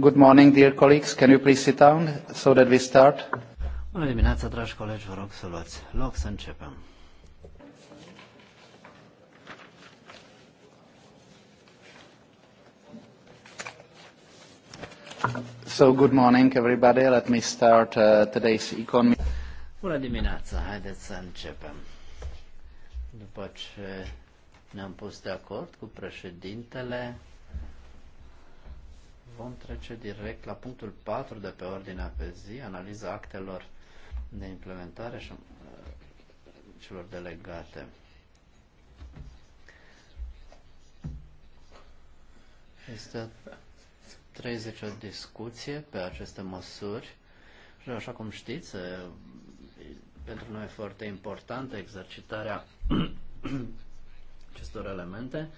Good morning, dear colleagues. Can you please sit down so that we start? Bună dimineața, dragi colegi, vă rog să luați loc să începem. So, good morning, everybody. Let me start uh, today's economy. Bună dimineața, haideți să începem. După ce ne-am pus de acord cu președintele. Vom trece direct la punctul 4 de pe ordinea pe zi, analiza actelor de implementare și uh, celor delegate. Este 30 o discuție pe aceste măsuri și așa cum știți, uh, pentru noi e foarte importantă exercitarea acestor elemente,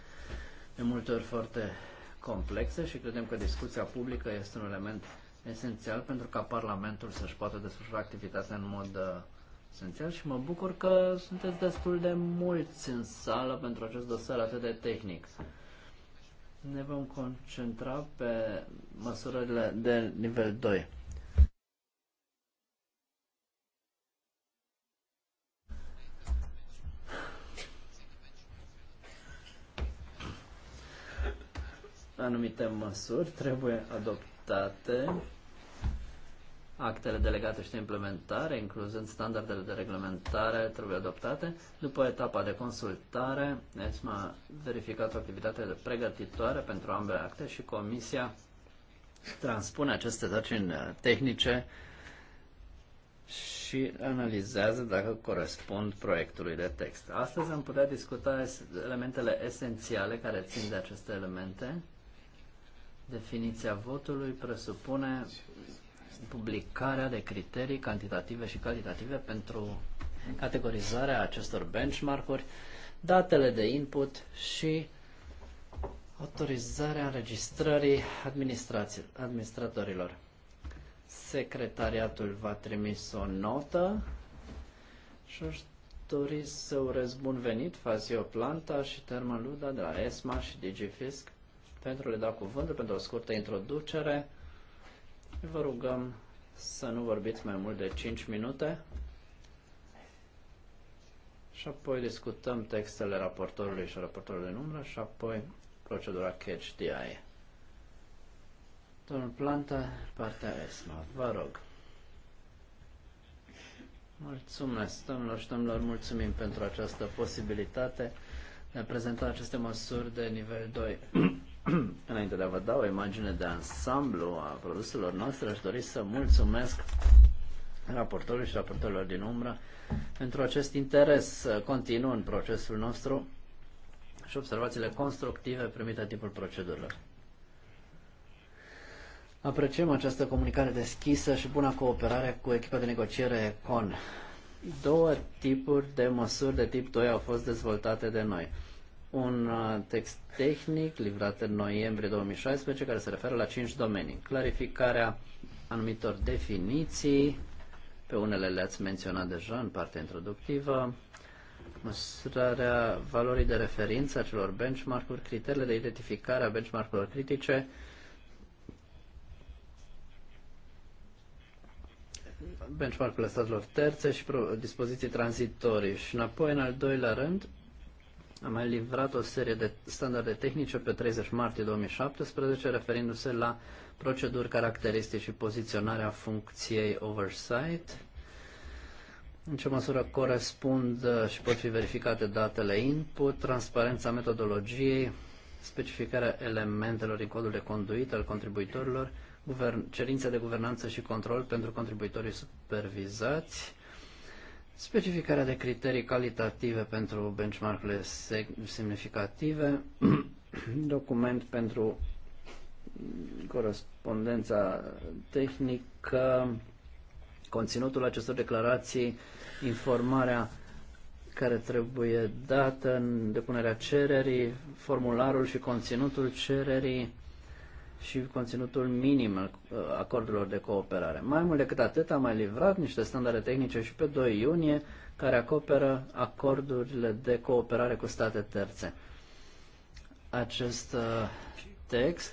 de multe ori foarte complexe și credem că discuția publică este un element esențial pentru ca Parlamentul să-și poată desfășura activitatea în mod uh, esențial și mă bucur că sunteți destul de mulți în sală pentru acest dosar atât de tehnic. Ne vom concentra pe măsurările de nivel 2. anumite măsuri trebuie adoptate actele delegate și de implementare, incluzând standardele de reglementare, trebuie adoptate. După etapa de consultare, ESMA a verificat o activitate de pregătitoare pentru ambele acte și Comisia transpune aceste sarcini uh, tehnice și analizează dacă corespund proiectului de text. Astăzi am putea discuta elementele esențiale care țin de aceste elemente Definiția votului presupune publicarea de criterii cantitative și calitative pentru categorizarea acestor benchmark-uri, datele de input și autorizarea înregistrării administratorilor. Secretariatul va trimis o notă și aș dori să urez bun venit Fazio Planta și Termaluda de la ESMA și DigiFisc pentru, le da cuvântul pentru o scurtă introducere. Vă rugăm să nu vorbiți mai mult de 5 minute și apoi discutăm textele raportorului și raportorului în umbră și apoi procedura catch DI. Domnul Planta, partea ESMA, vă rog. Mulțumesc, domnilor și domnilor, mulțumim pentru această posibilitate de a prezenta aceste măsuri de nivel 2 Înainte de a vă da o imagine de ansamblu a produselor noastre, aș dori să mulțumesc raportorului și raportorilor din umbră pentru acest interes continuu în procesul nostru și observațiile constructive primite în timpul procedurilor. Apreciem această comunicare deschisă și buna cooperare cu echipa de negociere CON. Două tipuri de măsuri de tip 2 au fost dezvoltate de noi un uh, text tehnic livrat în noiembrie 2016 care se referă la cinci domenii. Clarificarea anumitor definiții, pe unele le-ați menționat deja în partea introductivă, măsurarea valorii de referință a celor benchmark-uri, criteriile de identificare a benchmark-urilor critice, benchmark-urile statelor terțe și dispoziții tranzitorii. Și înapoi, în al doilea rând, am mai livrat o serie de standarde tehnice pe 30 martie 2017, referindu-se la proceduri caracteristici și poziționarea funcției oversight, în ce măsură corespund uh, și pot fi verificate datele input, transparența metodologiei, specificarea elementelor din codul de conduită al contribuitorilor, cerințe de guvernanță și control pentru contribuitorii supervizați, Specificarea de criterii calitative pentru benchmark-urile semnificative, document pentru corespondența tehnică, conținutul acestor declarații, informarea care trebuie dată în depunerea cererii, formularul și conținutul cererii, și conținutul minim al uh, acordurilor de cooperare. Mai mult decât atât, am mai livrat niște standarde tehnice și pe 2 iunie care acoperă acordurile de cooperare cu state terțe. Acest uh, text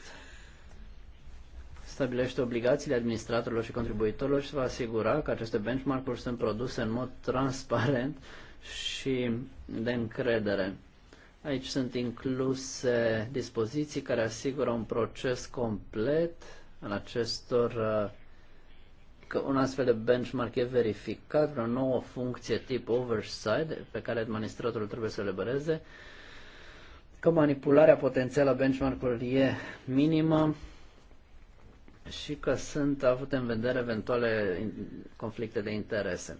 stabilește obligațiile administratorilor și contribuitorilor și se va asigura că aceste benchmark-uri sunt produse în mod transparent și de încredere. Aici sunt incluse dispoziții care asigură un proces complet în acestor uh, că un astfel de benchmark e verificat, o nouă funcție tip oversight pe care administratorul trebuie să le băreze, că manipularea potențială a benchmark-ului e minimă și că sunt avute în vedere eventuale conflicte de interese.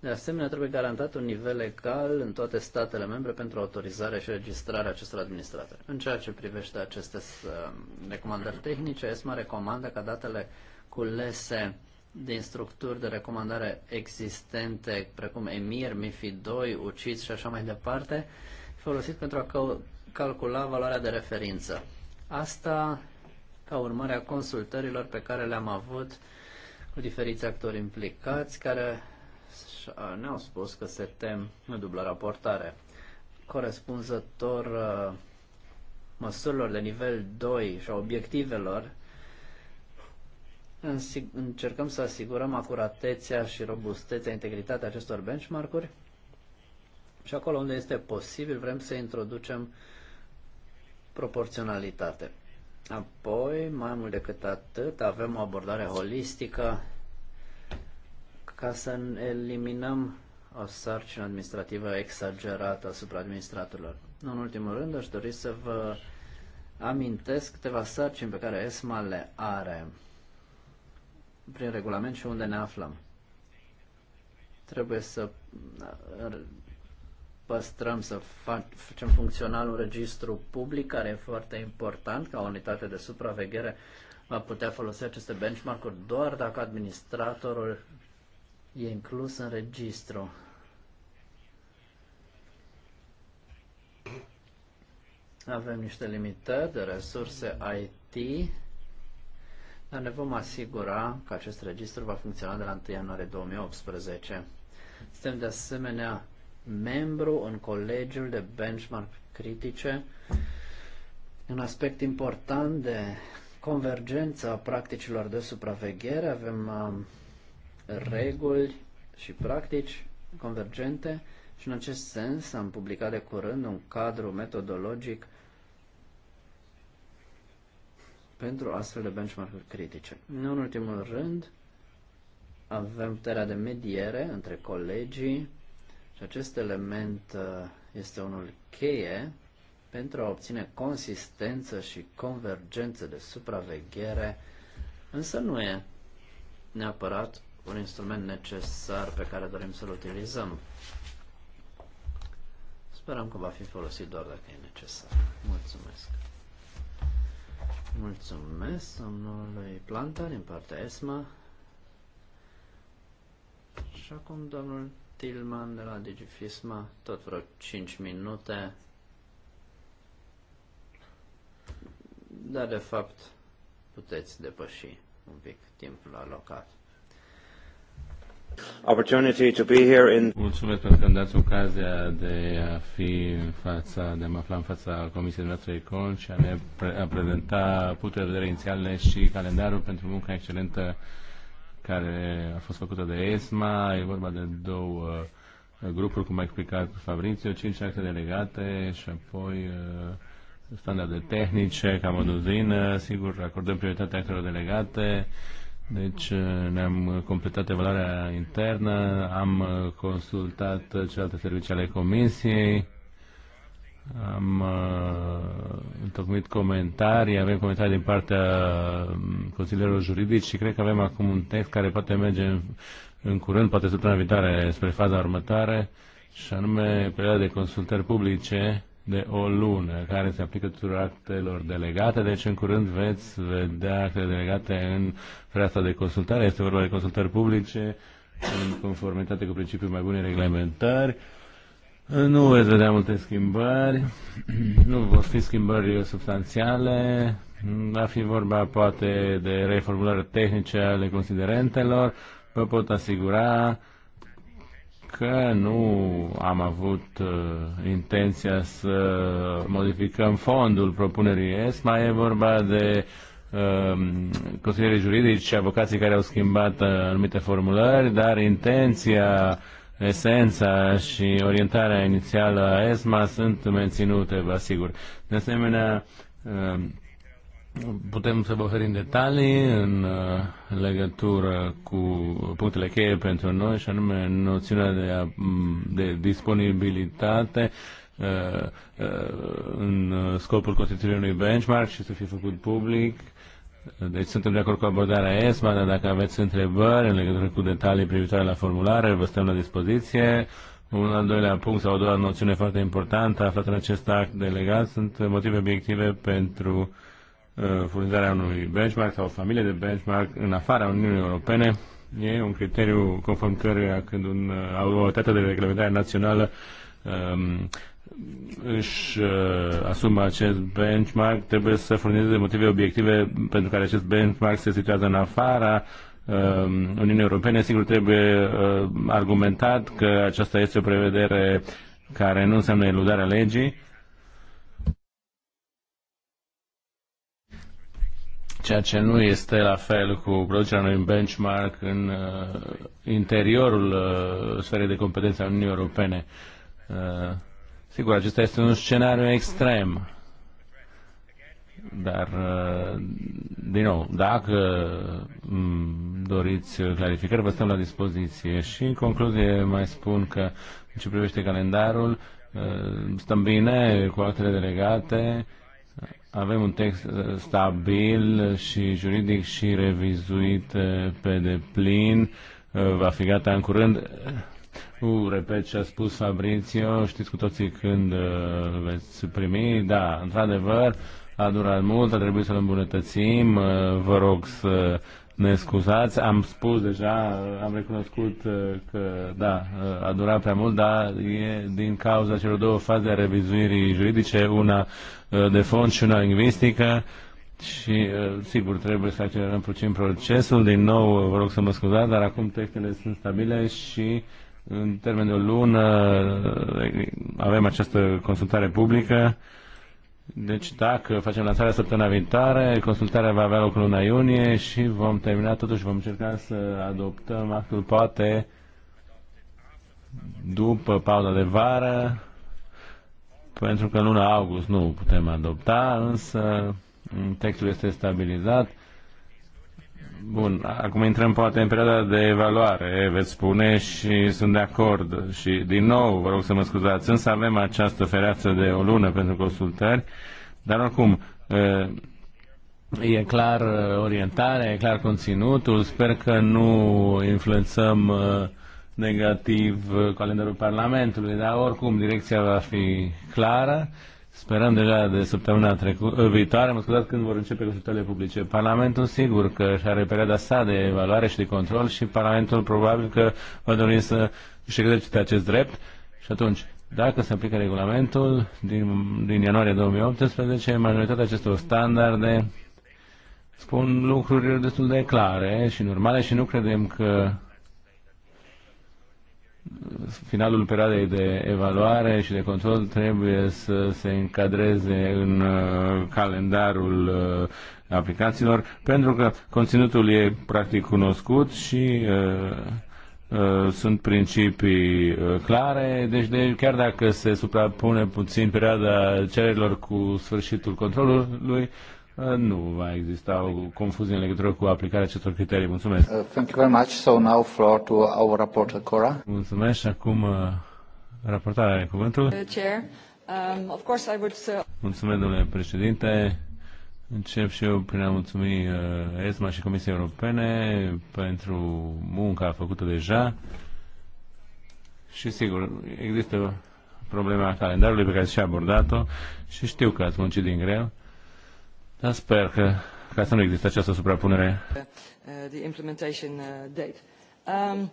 De asemenea, trebuie garantat un nivel egal în toate statele membre pentru autorizarea și registrarea acestor administratori. În ceea ce privește aceste uh, recomandări tehnice, ESMA recomandă ca datele culese din structuri de recomandare existente, precum EMIR, MIFI 2, UCIT și așa mai departe, folosit pentru a calcula valoarea de referință. Asta ca urmare a consultărilor pe care le-am avut cu diferiți actori implicați, care Uh, ne-au spus că se tem de dublă raportare. Corespunzător uh, măsurilor de nivel 2 și a obiectivelor, încercăm să asigurăm acuratețea și robustețea, integritatea acestor benchmark-uri și acolo unde este posibil vrem să introducem proporționalitate. Apoi, mai mult decât atât, avem o abordare holistică ca să eliminăm o sarcină administrativă exagerată asupra administratorilor. În ultimul rând, aș dori să vă amintesc câteva sarcini pe care ESMA le are prin regulament și unde ne aflăm. Trebuie să uh, păstrăm, să facem funcțional un registru public care e foarte important ca unitate de supraveghere va putea folosi aceste benchmark-uri doar dacă administratorul e inclus în registru. Avem niște limitări de resurse IT, dar ne vom asigura că acest registru va funcționa de la 1 ianuarie 2018. Suntem de asemenea membru în colegiul de benchmark critice, un aspect important de convergență a practicilor de supraveghere. Avem um, reguli și practici convergente și în acest sens am publicat de curând un cadru metodologic pentru astfel de benchmark-uri critice. în ultimul rând, avem puterea de mediere între colegii și acest element uh, este unul cheie pentru a obține consistență și convergență de supraveghere, însă nu e neapărat un instrument necesar pe care dorim să-l utilizăm. Sperăm că va fi folosit doar dacă e necesar. Mulțumesc! Mulțumesc domnului Planta din partea ESMA și acum domnul Tilman de la Digifisma, tot vreo 5 minute. Dar de fapt puteți depăși un pic timpul alocat opportunity to be here in... Mulțumesc pentru că îmi dați ocazia de a fi în fața, de a mă afla în fața Comisiei noastre Econ și a, ne pre- a prezenta puterea de vedere inițiale și calendarul pentru munca excelentă care a fost făcută de ESMA. E vorba de două uh, grupuri, cum a explicat Fabrizio, cinci acte delegate și apoi uh, standarde tehnice, cam o duzină. Sigur, acordăm prioritatea actelor delegate deci eh, ne-am completat evaluarea internă, am eh, consultat eh, celelalte servicii ale Comisiei, am uh, întocmit comentarii, avem comentarii din partea mm, consilierilor juridici și cred că avem acum un text care poate merge în, în curând, poate săptămâna viitoare, spre faza următoare, și anume perioada de consultări publice de o lună, care se aplică tuturor actelor delegate, deci în curând veți vedea actele delegate în fereastra de consultare, este vorba de consultări publice, în conformitate cu principiul mai bune reglementări. Nu veți vedea multe schimbări, nu vor fi schimbări substanțiale, va fi vorba poate de reformulări tehnice ale considerentelor, vă pot asigura că nu am avut uh, intenția să modificăm fondul propunerii ESMA, e vorba de uh, consilierii juridici și avocații care au schimbat uh, anumite formulări, dar intenția, esența și orientarea inițială a ESMA sunt menținute, vă asigur. De asemenea, uh, Putem să vă oferim detalii în uh, legătură cu punctele cheie pentru noi, și anume noțiunea de, a, de disponibilitate uh, uh, în scopul constituirii unui benchmark și să fie făcut public. Deci suntem de acord cu abordarea ESMA, dar dacă aveți întrebări în legătură cu detalii privitoare la formulare, vă stăm la dispoziție. Un al doilea punct sau o doua noțiune foarte importantă aflată în acest act delegat sunt motive obiective pentru Uh, furnizarea unui benchmark sau o familie de benchmark în afara Uniunii Europene e un criteriu conform căruia când un, uh, autoritate de reglementare națională um, își uh, asumă acest benchmark, trebuie să furnizeze motive obiective pentru care acest benchmark se situează în afara uh, Uniunii Europene. Sigur, trebuie uh, argumentat că aceasta este o prevedere care nu înseamnă eludarea legii ceea ce nu este la fel cu producerea unui benchmark în uh, interiorul uh, sferei de competență a Uniunii Europene. Uh, sigur, acesta este un scenariu extrem. Dar, din nou, dacă mm, doriți clarificări, vă stăm la dispoziție. Și, în concluzie, mai spun că, în ce privește calendarul, stăm bine cu actele delegate, avem un text uh, stabil și juridic și revizuit uh, pe deplin. Uh, va fi gata în curând. U, repet ce a spus Fabrizio, știți cu toții când îl veți primi. Da, într-adevăr, a durat mult, a trebuit să-l îmbunătățim. Vă rog să ne scuzați, am spus deja, am recunoscut uh, că, da, uh, a durat prea mult, dar e din cauza celor două faze a revizuirii juridice, una uh, de fond și una lingvistică. Și, sigur, trebuie să accelerăm puțin procesul. Din nou, vă rog să mă scuzați, dar acum textele sunt stabile și în termen de o lună avem această consultare publică deci dacă facem lansarea săptămâna viitoare, consultarea va avea loc luna iunie și vom termina totuși, vom încerca să adoptăm actul poate după pauza de vară, pentru că în luna august nu putem adopta, însă textul este stabilizat Bun, acum intrăm poate în perioada de evaluare, veți spune, și sunt de acord. Și din nou, vă rog să mă scuzați, însă avem această fereață de o lună pentru consultări, dar oricum, e clar uh, orientarea, e clar conținutul, sper că nu influențăm uh, negativ uh, calendarul Parlamentului, dar oricum direcția va fi clară Sperăm deja de săptămâna trecută, eh, viitoare, mă scuzați, când vor începe consultările publice. Parlamentul sigur că și are perioada sa de evaluare și de control și Parlamentul probabil că va dori să își exercite acest drept și atunci dacă se aplică regulamentul din, din ianuarie 2018, majoritatea acestor standarde spun lucruri destul de clare și normale și nu credem că finalul perioadei de evaluare și de control trebuie să se încadreze în uh, calendarul uh, aplicațiilor, pentru că conținutul e practic cunoscut și uh, sunt principii clare, deci de, chiar dacă se suprapune puțin perioada cererilor cu sfârșitul controlului, Uh, nu va exista o confuzie în legătură cu aplicarea acestor criterii. Mulțumesc. Uh, thank you very much. So now floor to our reporter Cora. Mulțumesc acum uh, raportarea are cuvântul. chair. Um, of course I would, uh... Mulțumesc, domnule președinte. Încep și eu prin a mulțumi ESMA și Comisia Europene pentru munca făcută deja. Și sigur, există problema calendarului pe care și-a abordat-o și știu că ați muncit din greu. Dar sper că ca să nu există această suprapunere. Uh, the implementation uh, date. Um,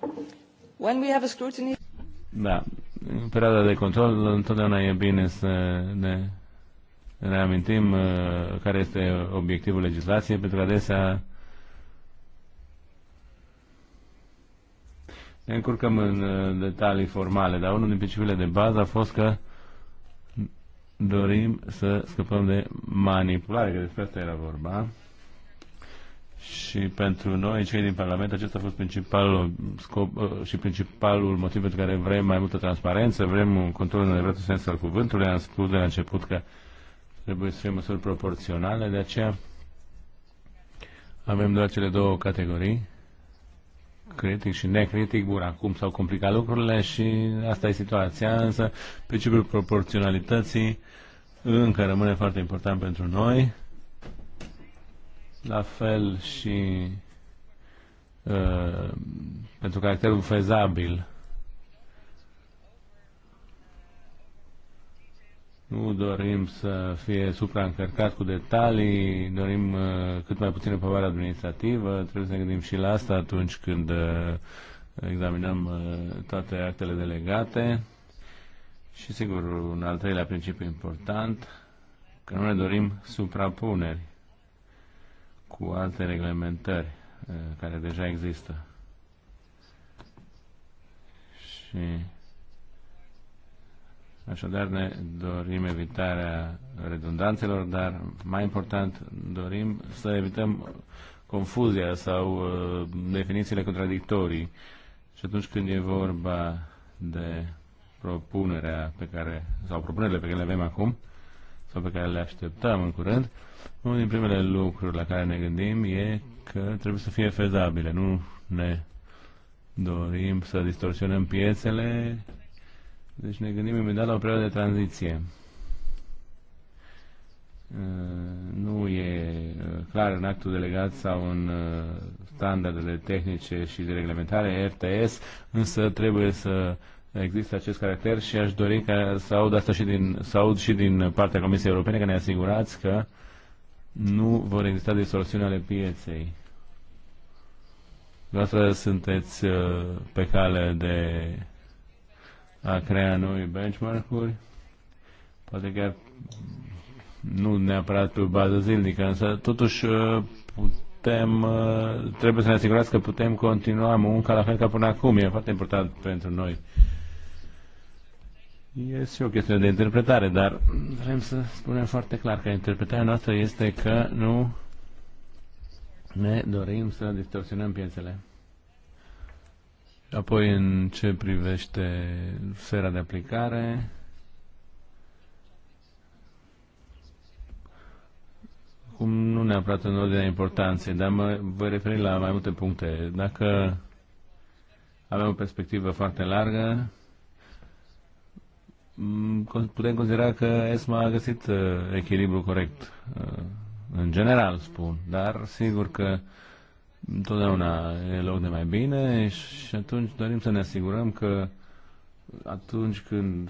when we have a scrutiny... Da, în perioada de control întotdeauna e bine să ne reamintim uh, care este obiectivul legislației, pentru că adesea ne încurcăm în detalii formale, dar unul din principiile de bază a fost că dorim să scăpăm de manipulare, că despre asta era vorba. Și pentru noi, cei din Parlament, acesta a fost principalul scop uh, și principalul motiv pentru care vrem mai multă transparență, vrem un control în adevăratul sens al cuvântului. Am spus de la început că trebuie să fie măsuri proporționale, de aceea avem doar cele două categorii critic și necritic, bun, acum s-au complicat lucrurile și asta e situația, însă principiul proporționalității încă rămâne foarte important pentru noi. La fel și uh, pentru caracterul fezabil Nu dorim să fie supraîncărcat cu detalii, dorim uh, cât mai puțină povară administrativă, trebuie să ne gândim și la asta atunci când uh, examinăm uh, toate actele delegate. Și sigur, un al treilea principiu important, că nu ne dorim suprapuneri cu alte reglementări care deja există. Și Așadar ne dorim evitarea redundanțelor, dar mai important dorim să evităm confuzia sau uh, definițiile contradictorii. Și atunci când e vorba de propunerea pe care, sau propunerile pe care le avem acum, sau pe care le așteptăm în curând, unul din primele lucruri la care ne gândim e că trebuie să fie fezabile. Nu ne dorim să distorsionăm piețele deci ne gândim imediat la o perioadă de tranziție. Uh, nu e uh, clar în actul delegat sau în uh, standardele tehnice și de reglementare RTS, însă trebuie să există acest caracter și aș dori ca să aud asta și din, să aud și din partea Comisiei Europene că ne asigurați că nu vor exista distorsiuni ale pieței. Vă sunteți pe cale de a crea noi benchmark-uri, poate chiar nu neapărat pe bază zilnică, însă totuși uh, putem, uh, trebuie să ne asigurați că putem continua munca la fel ca până acum. E foarte important pentru noi. Este o chestiune de interpretare, dar vrem să spunem foarte clar că interpretarea noastră este că nu ne dorim să distorsionăm piețele. Apoi, în ce privește sfera de aplicare, cum nu neapărat în ordinea importanței, dar mă voi referi la mai multe puncte. Dacă avem o perspectivă foarte largă, putem considera că ESMA a găsit uh, echilibru corect, uh, în general spun, dar sigur că întotdeauna e loc de mai bine și atunci dorim să ne asigurăm că atunci când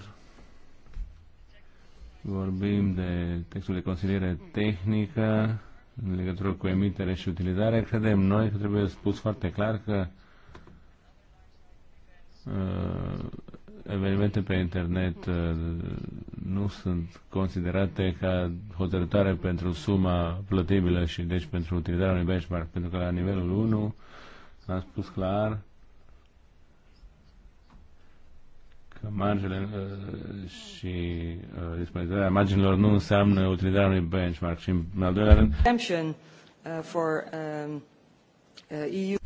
vorbim de textul de consiliere tehnică în legătură cu emitere și utilizare, credem noi că trebuie spus foarte clar că uh, evenimente pe internet uh, nu sunt considerate ca hotărătoare pentru suma plătibilă și deci pentru utilizarea unui benchmark, pentru că la nivelul 1 am spus clar că marginile uh, și uh, disponibilitatea marginilor nu înseamnă utilizarea unui benchmark și în al doilea rând for um EU.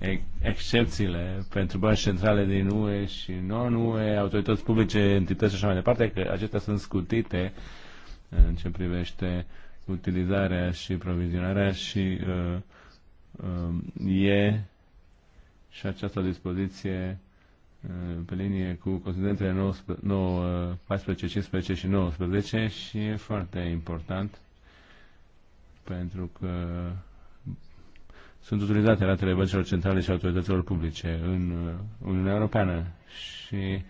Excepțiile pentru bănci centrale din UE și non-UE, autorități publice, entități și așa mai departe, că acestea sunt scutite uh, în ce privește utilizarea și provizionarea și uh, uh, e și această dispoziție uh, pe linie cu considerentele 14, 15 și 19 și e foarte important pentru că sunt utilizate ratele băncilor centrale și autorităților publice în uh, Uniunea Europeană și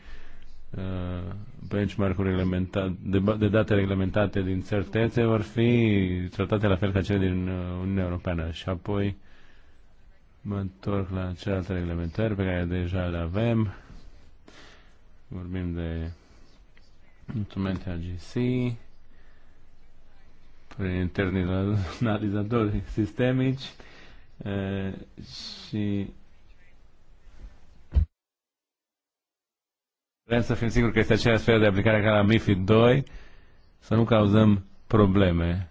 uh, benchmark-uri de, de date reglementate din țări terțe vor fi tratate la fel ca cele din uh, Uniunea Europeană și apoi mă întorc la celelalte reglementări pe care deja le avem vorbim de instrumente AGC prin internalizatorii sistemici și vrem să fim siguri că este aceeași sferă de aplicare ca la MIFID 2, să nu cauzăm probleme.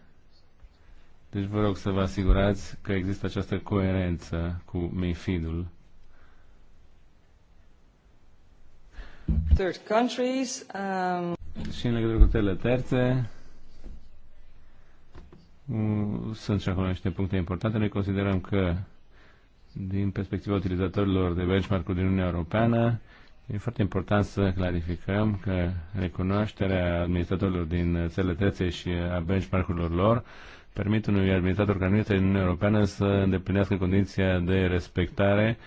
Deci vă rog să vă asigurați că există această coerență cu MIFID-ul. Third countries, um... Și în legătură cu terțe, Mm, sunt și acolo niște puncte importante. Noi considerăm că, din perspectiva utilizatorilor de benchmark din Uniunea Europeană, E foarte important să clarificăm că recunoașterea administratorilor din țările terțe și a benchmark-urilor lor permit unui administrator care nu este în Uniunea Europeană să îndeplinească condiția de respectare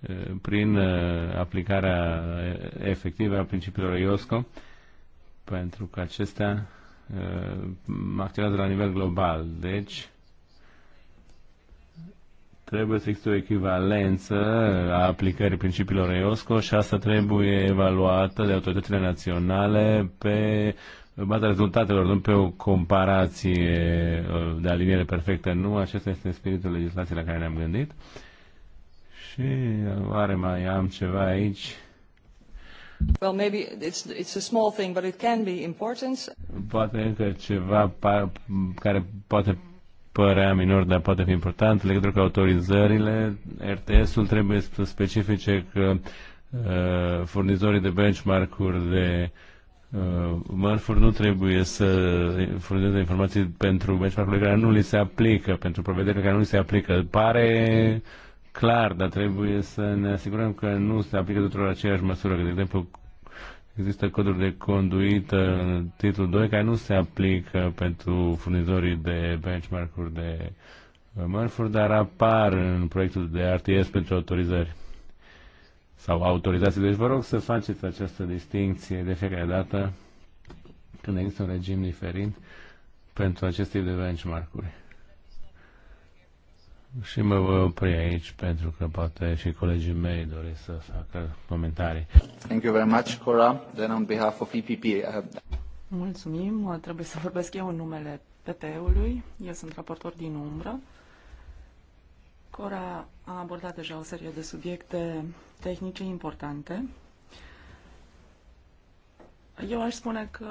eh, prin eh, aplicarea efectivă a principiilor IOSCO, pentru că acestea Uh, acționează la nivel global. Deci, trebuie să existe o echivalență a aplicării principiilor EOSCO și asta trebuie evaluată de autoritățile naționale pe baza rezultatelor, nu pe o comparație uh, de aliniere perfectă. Nu, acesta este spiritul legislației la care ne-am gândit. Și uh, oare mai am ceva aici? Well, maybe it's, it's a small thing, but it can be important. Poate încă ceva care poate părea minor, dar poate fi important, legătură cu autorizările. RTS-ul trebuie să specifice că uh, furnizorii de benchmark-uri de uh, mărfuri nu trebuie să furnizeze informații pentru benchmark-urile care nu li se aplică, pentru provederile care nu li se aplică. Pare clar, dar trebuie să ne asigurăm că nu se aplică tuturor aceeași măsură. Că, de exemplu, există coduri de conduită în titlul 2 care nu se aplică pentru furnizorii de benchmark-uri de mărfuri, dar apar în proiectul de RTS pentru autorizări sau autorizații. Deci vă rog să faceți această distinție de fiecare dată când există un regim diferit pentru acest tip de benchmark-uri. Și mă voi opri aici pentru că poate și colegii mei doresc să facă comentarii. Thank you very much, Cora. Then on behalf of EPP, I have... Uh, Mulțumim. Trebuie să vorbesc eu în numele PP-ului. Eu sunt raportor din umbră. Cora a abordat deja o serie de subiecte tehnice importante. Eu aș spune că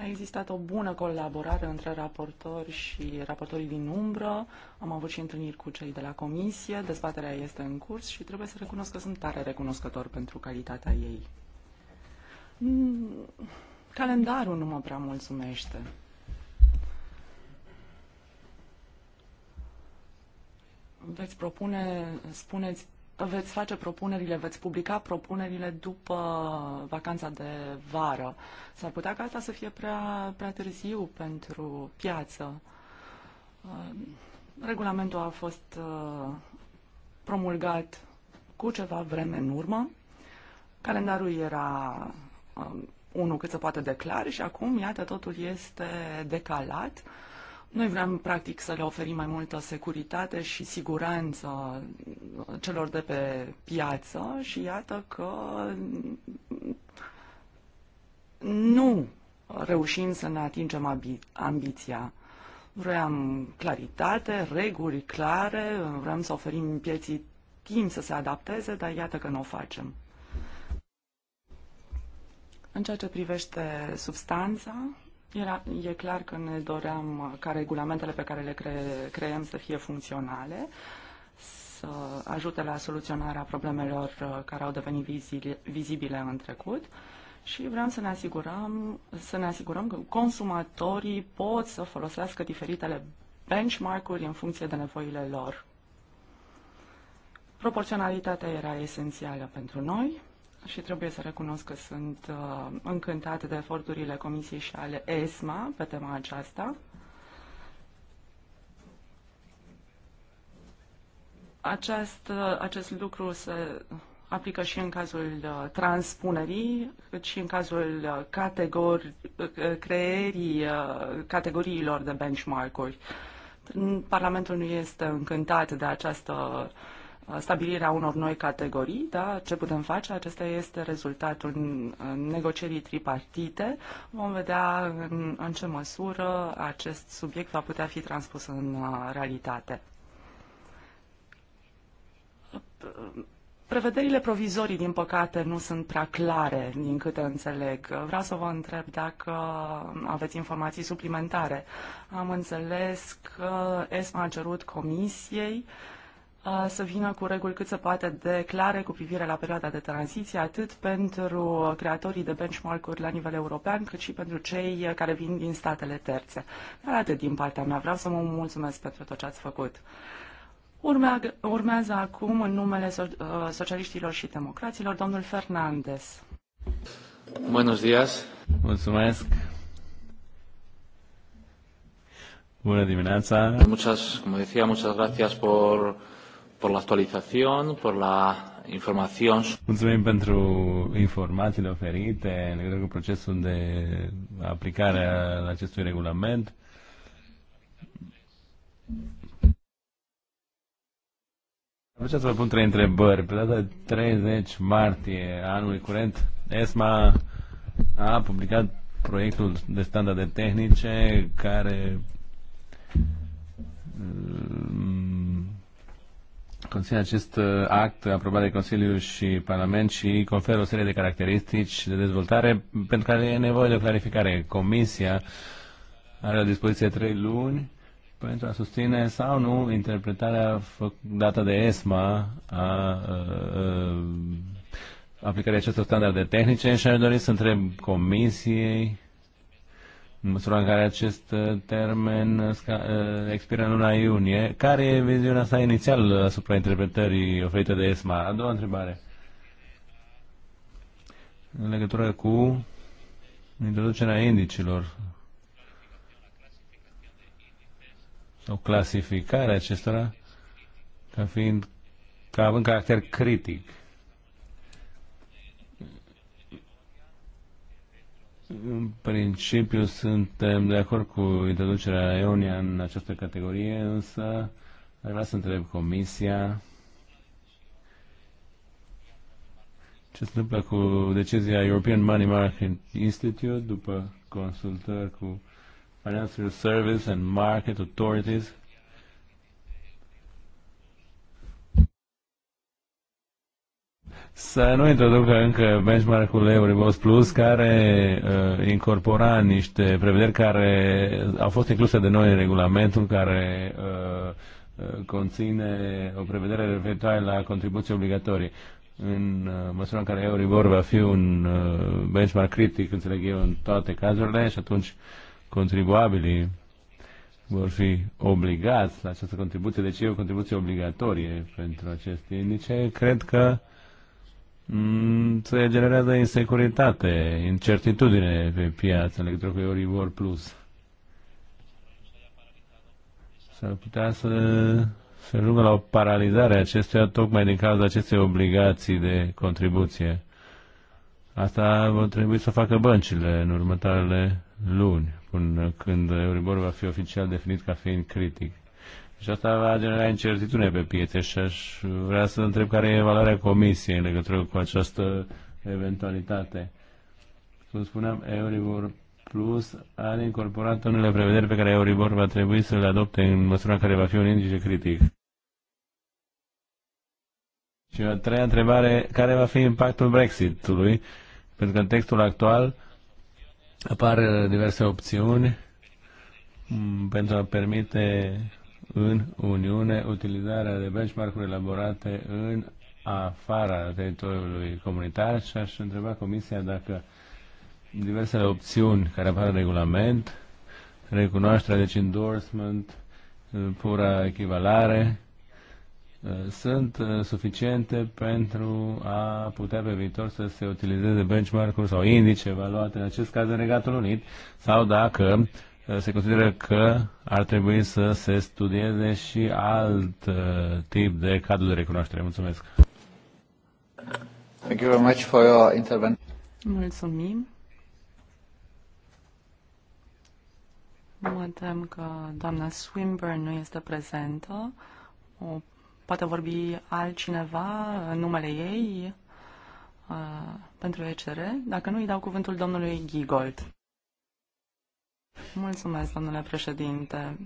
a existat o bună colaborare între raportori și raportorii din umbră. Am avut și întâlniri cu cei de la comisie. Dezbaterea este în curs și trebuie să recunosc că sunt tare recunoscător pentru calitatea ei. Mm, calendarul nu mă prea mulțumește. Veți propune, spuneți, veți face propunerile, veți publica propunerile după vacanța de vară. S-ar putea ca asta să fie prea, prea târziu pentru piață. Uh, regulamentul a fost uh, promulgat cu ceva vreme în urmă. Calendarul era uh, unul cât se poate declar și acum, iată, totul este decalat. Uh, noi vrem, practic, să le oferim mai multă securitate și siguranță celor de pe piață și iată că nu reușim să ne atingem ambiția. Vrem claritate, reguli clare, vrem să oferim pieții timp să se adapteze, dar iată că nu o facem. În ceea ce privește substanța, era, e clar că ne doream ca regulamentele pe care le cre, creăm să fie funcționale, să ajute la soluționarea problemelor uh, care au devenit vizibile în trecut și vrem să ne asigurăm, să ne asigurăm că consumatorii pot să folosească diferitele benchmark-uri în funcție de nevoile lor. Proporționalitatea era esențială pentru noi și trebuie să recunosc că sunt uh, încântată de eforturile Comisiei și ale ESMA pe tema aceasta. Acest, uh, acest lucru se aplică și în cazul uh, transpunerii, cât și în cazul uh, categori, creierii categoriilor de benchmark-uri. Parlamentul nu este încântat de această uh, stabilirea unor noi categorii, da? ce putem face, acesta este rezultatul negocierii tripartite. Vom vedea în, în ce măsură acest subiect va putea fi transpus în uh, realitate. Prevederile provizorii, din păcate, nu sunt prea clare, din câte înțeleg. Vreau să vă întreb dacă aveți informații suplimentare. Am înțeles că ESMA a cerut comisiei uh, să vină cu reguli cât se poate de clare cu privire la perioada de tranziție, atât pentru creatorii de benchmark-uri la nivel european, cât și pentru cei care vin din statele terțe. Dar atât din partea mea. Vreau să mă mulțumesc pentru tot ce ați făcut. Urmea, urmează acum, în numele so- socialiștilor și democraților, domnul Fernandez. Buenos días. Mulțumesc. Bună dimineața. Muchas, como decía, muchas gracias por por la actualización, por la información. Mulțumim pentru informațiile oferite în legătură cu procesul de aplicare al acestui regulament. Vreau să vă pun trei întrebări. Pe data 30 martie anului curent, ESMA a publicat proiectul de standarde tehnice care Conține acest uh, act aprobat de Consiliu și Parlament și conferă o serie de caracteristici de dezvoltare pentru care e nevoie de o clarificare. Comisia are la dispoziție trei luni pentru a susține sau nu interpretarea dată de ESMA a, a, uh, a uh, aplicării acestor standarde tehnice și aș dori să întreb Comisiei în măsura în care acest uh, termen uh, uh, expiră în luna iunie. Care e viziunea sa inițială asupra interpretării oferite de ESMA? A doua întrebare. În legătură cu introducerea indicilor sau clasificarea acestora ca fiind ca având caracter critic. În principiu suntem de acord cu introducerea EONIA în această categorie, însă ar vrea să întreb Comisia ce se întâmplă cu decizia European Money Market Institute după consultări cu Financial Service and Market Authorities să nu introducă încă benchmark-ul Euribos Plus, care uh, incorpora niște prevederi care au fost incluse de noi în regulamentul, care uh, uh conține o prevedere referitoare la contribuții obligatorii. În uh, măsura în care Euribor va fi un uh, benchmark critic, înțeleg eu, în toate cazurile și atunci contribuabilii vor fi obligați la această contribuție. Deci e o contribuție obligatorie pentru acest indice. Cred că Mm, se generează insecuritate, incertitudine pe piață pentru că cu Euribor Plus. S-ar putea să se ajungă la o paralizare acestuia tocmai din cauza acestei obligații de contribuție. Asta va trebui să facă băncile în următoarele luni, până când Euribor va fi oficial definit ca fiind critic. Și asta va genera incertitudine pe piețe și aș vrea să întreb care e valoarea comisiei în legătură cu această eventualitate. Cum spuneam, Euribor Plus are incorporat unele prevederi pe care Euribor va trebui să le adopte în măsura în care va fi un indice critic. Și a treia întrebare, care va fi impactul Brexitului? Pentru că în textul actual apar diverse opțiuni pentru a permite în Uniune utilizarea de benchmark-uri elaborate în afara teritoriului comunitar și aș întreba Comisia dacă diversele opțiuni care apar în regulament, recunoașterea, deci endorsement, uh, pura echivalare, uh, sunt uh, suficiente pentru a putea pe viitor să se utilizeze benchmark-uri sau indice evaluate, în acest caz în Regatul Unit, sau dacă Eh, se consideră că ar trebui să se studieze și alt eh, tip de cadru de recunoaștere. Mulțumesc! Thank you very much for your intervention. Mulțumim! Mă tem că doamna Swinburne nu este prezentă. O, poate vorbi altcineva în numele ei a, eh, pentru ECR. Dacă nu, îi dau cuvântul domnului Gigold. Mulțumesc, domnule președinte.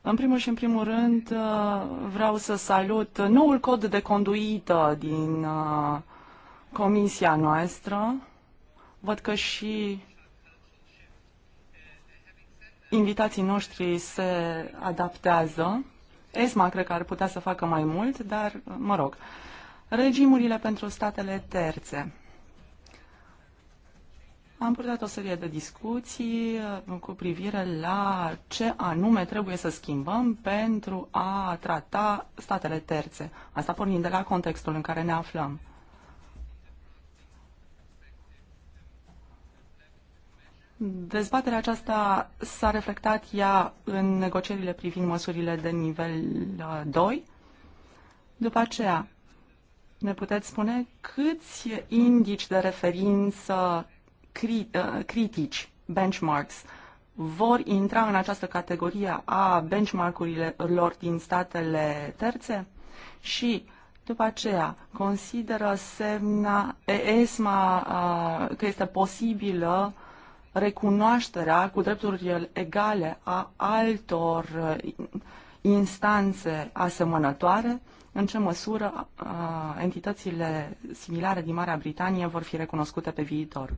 În primul și în primul rând uh, vreau să salut noul cod de conduită din uh, comisia noastră. Văd că și invitații noștri se adaptează. ESMA cred că ar putea să facă mai mult, dar mă rog. Regimurile pentru statele terțe. Am purtat o serie de discuții uh, cu privire la ce anume trebuie să schimbăm pentru a trata statele terțe. Asta pornind de la contextul în care ne aflăm. Dezbaterea aceasta s-a reflectat ea în negocierile privind măsurile de nivel 2. Uh, După aceea, ne puteți spune câți indici de referință cri, uh, critici, benchmarks, vor intra în această categorie a benchmark-urilor din statele terțe? Și după aceea, consideră semna ESMA uh, că este posibilă recunoașterea cu drepturi egale a altor uh, instanțe asemănătoare, în ce măsură entitățile similare din Marea Britanie vor fi recunoscute pe viitor.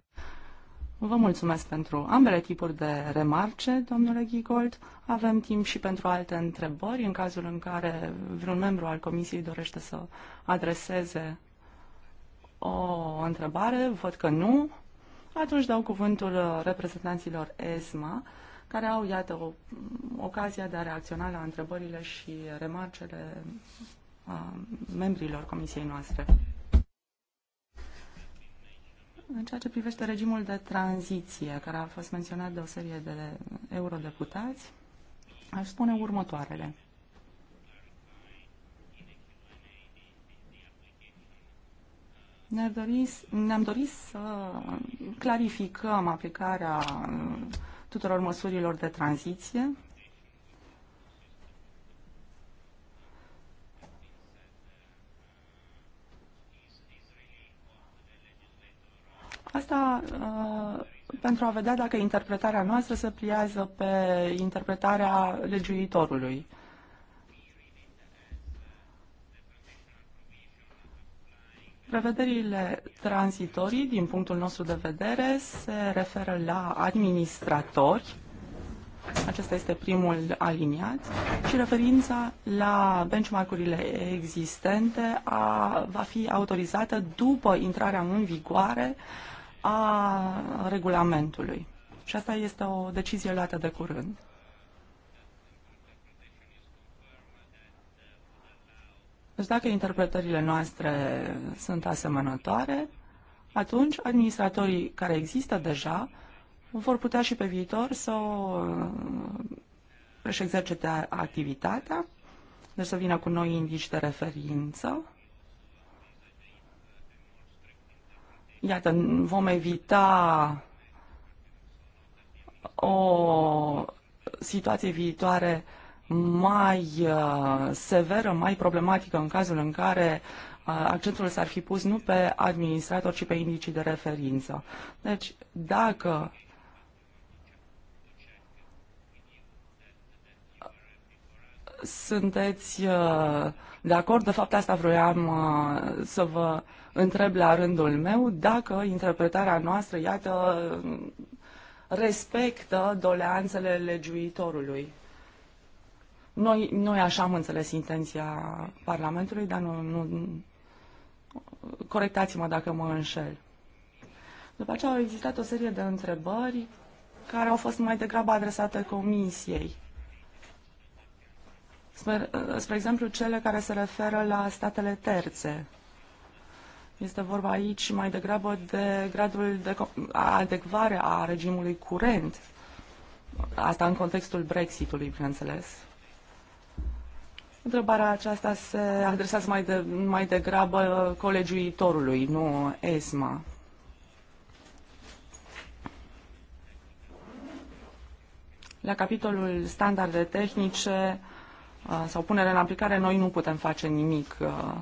Vă mulțumesc pentru ambele tipuri de remarce, domnule Gigold. Avem timp și pentru alte întrebări, în cazul în care vreun membru al comisiei dorește să adreseze o întrebare. Văd că nu. Atunci dau cuvântul reprezentanților ESMA, care au, iată, o, ocazia de a reacționa la întrebările și remarcele a membrilor comisiei noastre. În ceea ce privește regimul de tranziție, care a fost menționat de o serie de eurodeputați, aș spune următoarele. Ne-am dorit, ne dorit să clarificăm aplicarea tuturor măsurilor de tranziție, Asta uh, pentru a vedea dacă interpretarea noastră se pliază pe interpretarea legiuitorului. Prevederile tranzitorii, din punctul nostru de vedere, se referă la administratori, acesta este primul aliniat, și referința la benchmark-urile existente a, va fi autorizată după intrarea în vigoare a regulamentului. Și asta este o decizie luată de curând. Deci dacă interpretările noastre sunt asemănătoare, atunci administratorii care există deja vor putea și pe viitor să își exercite activitatea, deci să vină cu noi indici de referință Iată, vom evita o situație viitoare mai uh, severă, mai problematică în cazul în care uh, accentul s-ar fi pus nu pe administrator, ci pe indicii de referință. Deci, dacă uh, sunteți de acord, de fapt asta vroiam să vă întreb la rândul meu dacă interpretarea noastră, iată, respectă doleanțele legiuitorului. Noi, noi așa am înțeles intenția Parlamentului, dar nu, nu corectați-mă dacă mă înșel. După aceea au existat o serie de întrebări care au fost mai degrabă adresate Comisiei. Spre, spre exemplu, cele care se referă la statele terțe. Este vorba aici mai degrabă de gradul de adecvare a regimului curent. Asta în contextul Brexitului, bineînțeles. Întrebarea aceasta se adresează mai, de, mai degrabă colegiuitorului, nu ESMA. La capitolul standarde tehnice uh, sau punere în aplicare, noi nu putem face nimic uh,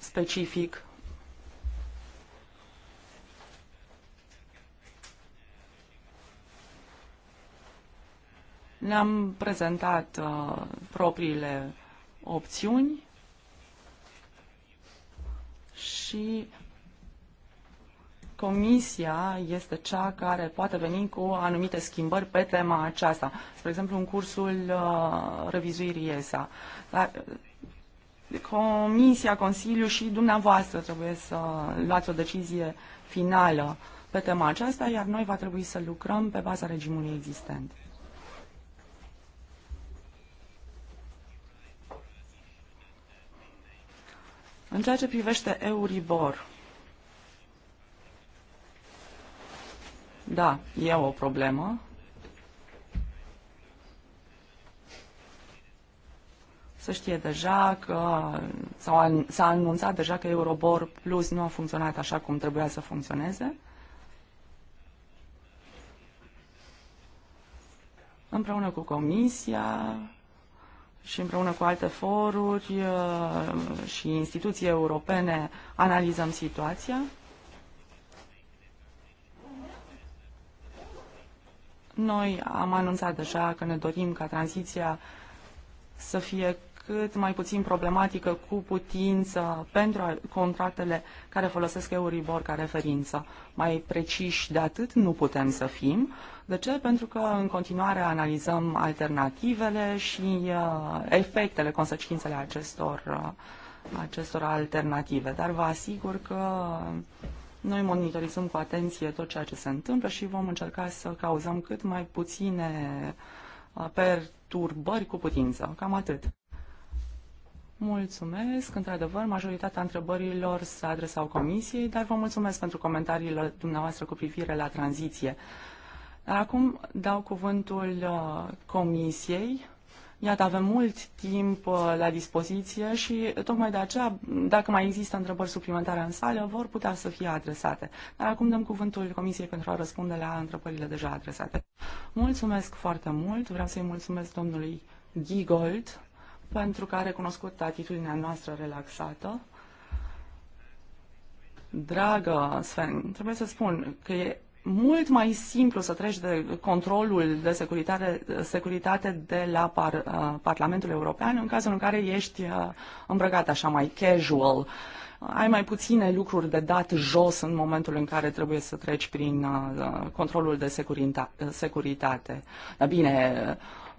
specific Ne-am prezentat uh, propriile opțiuni și comisia este cea care poate veni cu anumite schimbări pe tema aceasta. Spre exemplu, în cursul uh, revizuirii ESA. Dar Comisia, Consiliu și dumneavoastră trebuie să luați o decizie finală pe tema aceasta, iar noi va trebui să lucrăm pe baza regimului existent. În ceea ce privește Euribor, da, e o problemă, să știe deja că sau s-a anunțat deja că Eurobor Plus nu a funcționat așa cum trebuia să funcționeze. Împreună cu Comisia și împreună cu alte foruri uh, și instituții europene analizăm situația. Noi am anunțat deja că ne dorim ca tranziția să fie cât mai puțin problematică cu putință pentru contractele care folosesc Euribor ca referință. Mai preciși de atât nu putem să fim. De ce? Pentru că în continuare analizăm alternativele și uh, efectele, consecințele acestor, uh, acestor alternative. Dar vă asigur că noi monitorizăm cu atenție tot ceea ce se întâmplă și vom încerca să cauzăm cât mai puține uh, perturbări cu putință. Cam atât. Mulțumesc. Într-adevăr, majoritatea întrebărilor se adresau comisiei, dar vă mulțumesc pentru comentariile dumneavoastră cu privire la tranziție. Acum dau cuvântul uh, comisiei. Iată, avem mult timp uh, la dispoziție și tocmai de aceea, dacă mai există întrebări suplimentare în sală, vor putea să fie adresate. Dar acum dăm cuvântul Comisiei pentru a răspunde la întrebările deja adresate. Mulțumesc foarte mult. Vreau să-i mulțumesc domnului Gigold pentru că a recunoscut atitudinea noastră relaxată. Dragă Sven, trebuie să spun că e mult mai simplu să treci de controlul de securitate, securitate de la par, uh, Parlamentul European în cazul în care ești uh, îmbrăcat așa mai casual. Ai mai puține lucruri de dat jos în momentul în care trebuie să treci prin uh, controlul de securitate. Dar bine,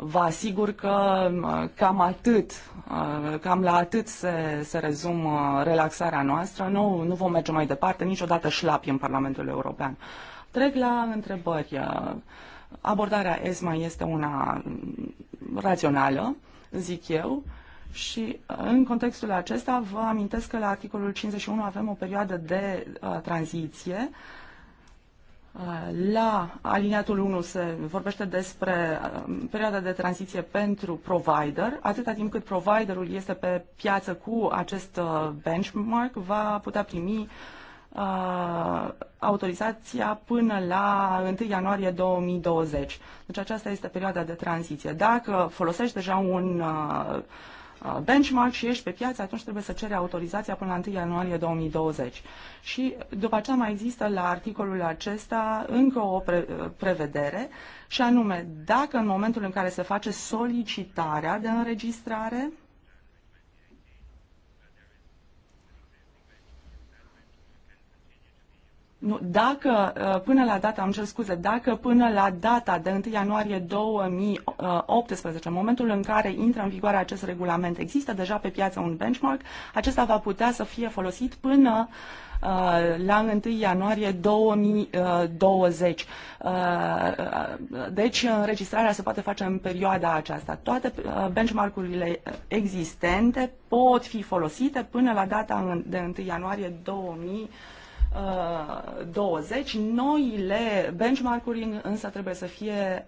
Vă asigur că uh, cam atât, uh, cam la atât se, se rezumă uh, relaxarea noastră. Nu, nu vom merge mai departe, niciodată șlapi în Parlamentul European. Trec la întrebări. Abordarea ESMA este una rațională, zic eu, și în contextul acesta vă amintesc că la articolul 51 avem o perioadă de uh, tranziție uh, Uh, la aliniatul 1 se vorbește despre uh, perioada de tranziție pentru provider. Atâta timp cât providerul este pe piață cu acest uh, benchmark, va putea primi uh, autorizația până la 1 ianuarie 2020. Deci aceasta este perioada de tranziție. Dacă folosești deja un uh, Uh, benchmark și ești pe piață, atunci trebuie să ceri autorizația până la 1 ianuarie 2020. Și după aceea mai există la articolul acesta încă o pre- uh, prevedere și anume, dacă în momentul în care se face solicitarea de înregistrare, Nu, dacă uh, până la data, am cer scuze, dacă până la data de 1 ianuarie 2018, uh, în momentul în care intră în vigoare acest regulament, există deja pe piață un benchmark, acesta va putea să fie folosit până uh, la 1 ianuarie 2020. Deci, înregistrarea se poate face în perioada aceasta. Toate benchmark-urile existente pot fi folosite până la data de 1 ianuarie 2020. 20, noile benchmark-uri însă trebuie să fie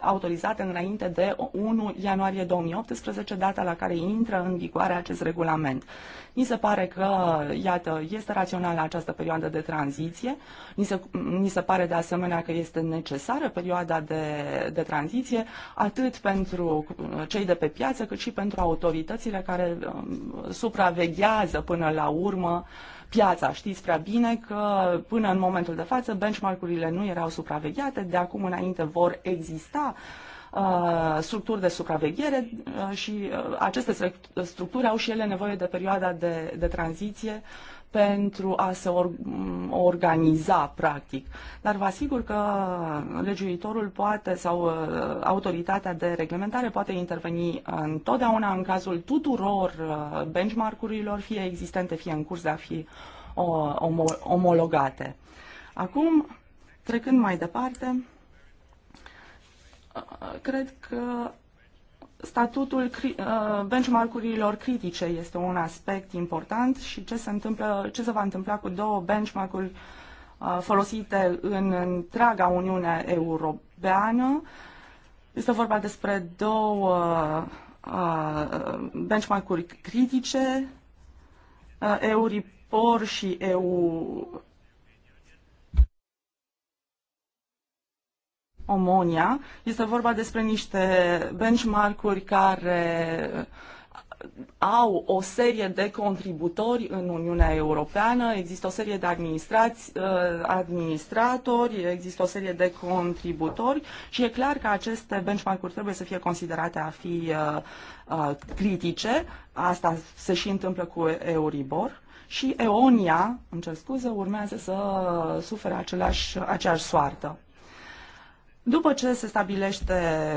autorizate înainte de 1 ianuarie 2018, data la care intră în vigoare acest regulament. Ni se pare că, iată, este rațională această perioadă de tranziție. Ni se, ni se pare de asemenea că este necesară perioada de, de tranziție, atât pentru cei de pe piață, cât și pentru autoritățile care um, supraveghează până la urmă piața. Știți prea bine că până în momentul de față benchmark-urile nu erau supravegheate, de acum înainte vor exista uh, Uh, structuri de supraveghere uh, și uh, aceste structuri au și ele nevoie de perioada de, de tranziție pentru a se or- mm, organiza, practic. Dar vă asigur că legiuitorul poate sau autoritatea de reglementare poate interveni întotdeauna în cazul tuturor benchmark-urilor, fie existente, fie în curs de a fi o, omologate. Acum, trecând mai departe, cred că statutul uh, benchmark-urilor critice este un aspect important și ce se, întâmplă, ce se va întâmpla cu două benchmark-uri uh, folosite în întreaga Uniune Europeană. Este vorba despre două uh, benchmark-uri critice, Euripor și EU, Omonia. Este vorba despre niște benchmark-uri care au o serie de contributori în Uniunea Europeană, există o serie de uh, administratori, există o serie de contributori și e clar că aceste benchmark-uri trebuie să fie considerate a fi uh, uh, critice. Asta se și întâmplă cu Euribor și Eonia, îmi cer scuze, urmează să sufere același, aceeași soartă. După ce se stabilește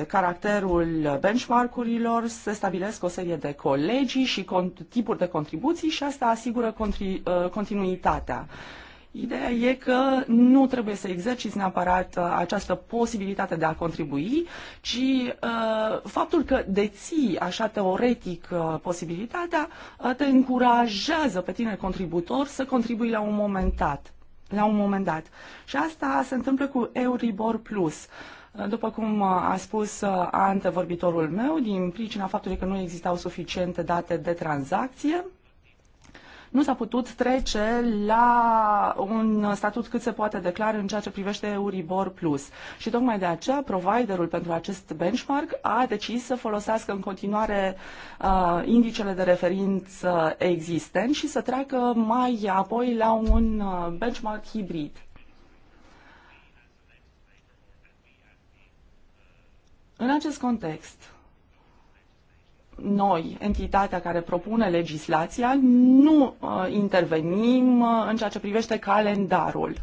caracterul benchmark-urilor, se stabilesc o serie de colegii și tipuri de contribuții și asta asigură uh, continuitatea. Ideea e că nu trebuie să exerciți neapărat uh, această posibilitate de a contribui, ci uh, faptul că deții așa teoretic uh, posibilitatea uh, te încurajează pe tine contributor să contribui la un moment dat la un moment dat. Și asta se întâmplă cu Euribor Plus. După cum a spus uh, antevorbitorul meu, din pricina faptului că nu existau suficiente date de tranzacție, nu s-a putut trece la un statut cât se poate declara în ceea ce privește Euribor Plus. Și tocmai de aceea providerul pentru acest benchmark a decis să folosească în continuare uh, indicele de referință existent și să treacă mai apoi la un uh, benchmark hibrid. În acest context, noi, entitatea care propune legislația, nu uh, intervenim uh, în ceea ce privește calendarul.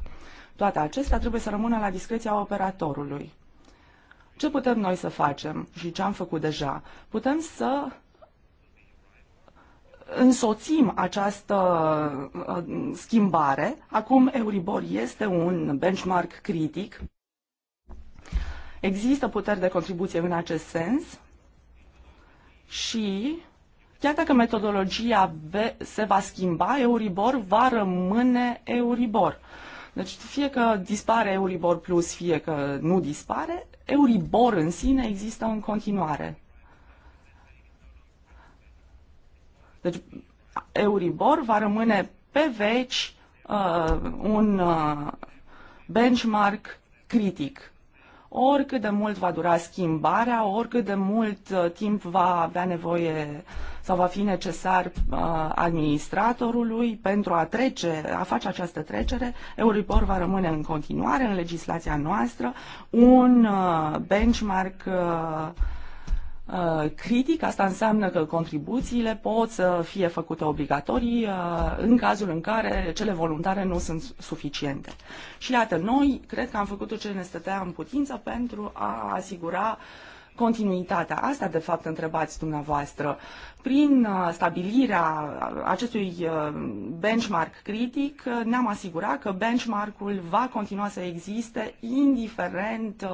Toate acestea trebuie să rămână la discreția operatorului. Ce putem noi să facem și ce am făcut deja? Putem să însoțim această uh, schimbare. Acum Euribor este un benchmark critic. Există puteri de contribuție în acest sens și chiar dacă metodologia se va schimba, Euribor va rămâne Euribor. Deci fie că dispare Euribor plus, fie că nu dispare, Euribor în sine există în continuare. Deci Euribor va rămâne pe veci uh, un uh, benchmark critic. Oricât de mult va dura schimbarea, oricât de mult uh, timp va avea nevoie sau va fi necesar uh, administratorului pentru a trece, a face această trecere, Euribor va rămâne în continuare în legislația noastră un uh, benchmark Uh, critic, asta înseamnă că contribuțiile pot să fie făcute obligatorii uh, în cazul în care cele voluntare nu sunt suficiente. Și iată, noi cred că am făcut tot ce ne stătea în putință pentru a asigura uh, continuitatea. Asta, de fapt, întrebați dumneavoastră. Prin uh, stabilirea acestui uh, benchmark critic, uh, ne-am asigurat că benchmarkul va continua să existe indiferent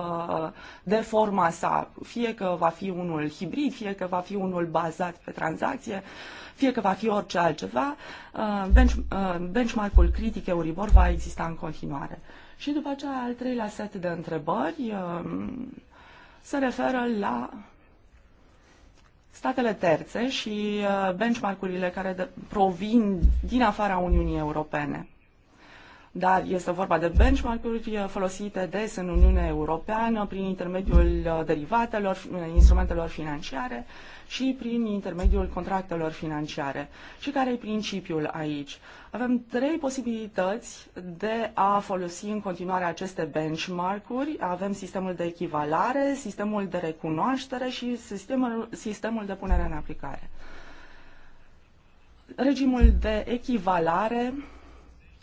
de forma sa, fie că va fi unul hibrid, fie că va fi unul bazat pe tranzacție, fie că va fi orice altceva, bench, benchmark critic Euribor va exista în continuare. Și după aceea, al treilea set de întrebări, se referă la statele terțe și uh, benchmark-urile care de, provin din afara Uniunii Europene. Dar este vorba de benchmark-uri uh, folosite des în Uniunea Europeană prin intermediul uh, derivatelor, instrumentelor financiare, uh, și prin intermediul contractelor financiare. Și care e principiul aici? Avem trei posibilități de a folosi în continuare aceste benchmark-uri. Avem sistemul de echivalare, sistemul de recunoaștere și sistemul, sistemul de punere în aplicare. Regimul de echivalare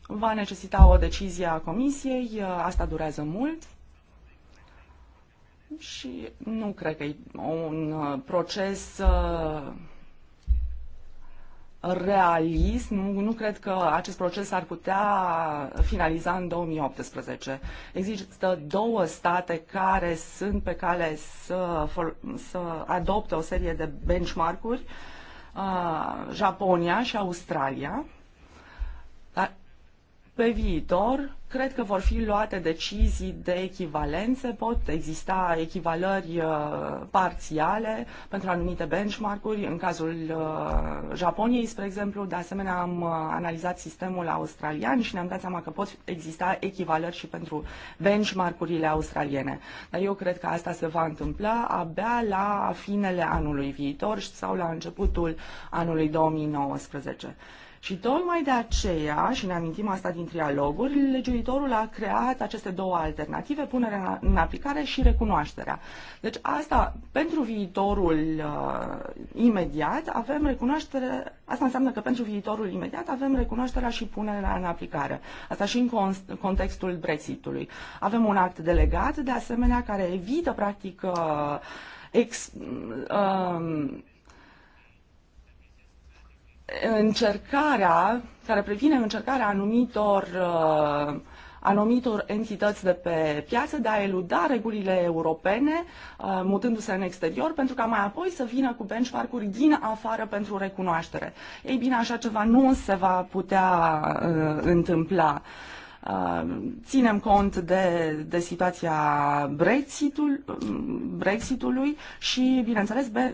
va necesita o decizie a Comisiei, asta durează mult, și nu cred că e un uh, proces uh, realist, nu, nu cred că acest proces ar putea finaliza în 2018. Există două state care sunt pe cale să, să adopte o serie de benchmark-uri, uh, Japonia și Australia. Pe viitor, cred că vor fi luate decizii de echivalențe, pot exista echivalări uh, parțiale pentru anumite benchmark-uri. În cazul uh, Japoniei, spre exemplu, de asemenea am uh, analizat sistemul australian și ne-am dat seama că pot exista echivalări și pentru benchmark-urile australiene. Dar eu cred că asta se va întâmpla abia la finele anului viitor sau la începutul anului 2019. Și tocmai de aceea, și ne amintim asta din trialoguri, legiuitorul a creat aceste două alternative, punerea în aplicare și recunoașterea. Deci asta, pentru viitorul uh, imediat, avem recunoaștere, asta înseamnă că pentru viitorul imediat avem recunoașterea și punerea în aplicare. Asta și în con- contextul Brexitului. Avem un act delegat, de asemenea, care evită, practic, uh, ex, uh, încercarea, care previne încercarea anumitor, uh, anumitor entități de pe piață de a eluda regulile europene, uh, mutându-se în exterior, pentru ca mai apoi să vină cu benchmark-uri din afară pentru recunoaștere. Ei bine, așa ceva nu se va putea uh, întâmpla. Uh, ținem cont de, de situația Brexitul, uh, Brexitului și, bineînțeles, uh,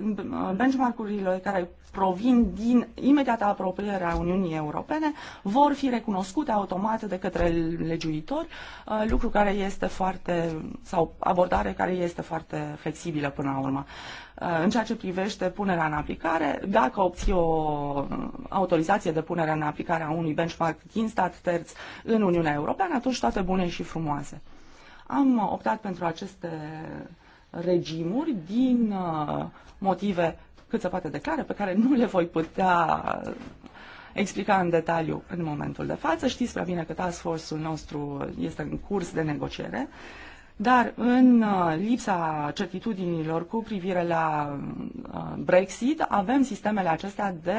benchmark-urile care provin din imediata apropiere a Uniunii Europene vor fi recunoscute automat de către legiuitori, uh, lucru care este foarte, sau abordare care este foarte flexibilă până la urmă. Uh, în ceea ce privește punerea în aplicare, dacă obții o uh, autorizație de punere în aplicare a unui benchmark din stat terț în Uniunea Europeană, atunci toate bune și frumoase. Am optat pentru aceste regimuri din motive cât se poate de clare, pe care nu le voi putea explica în detaliu în momentul de față. Știți prea bine că task force-ul nostru este în curs de negociere, dar în uh, lipsa certitudinilor cu privire la uh, Brexit avem sistemele acestea de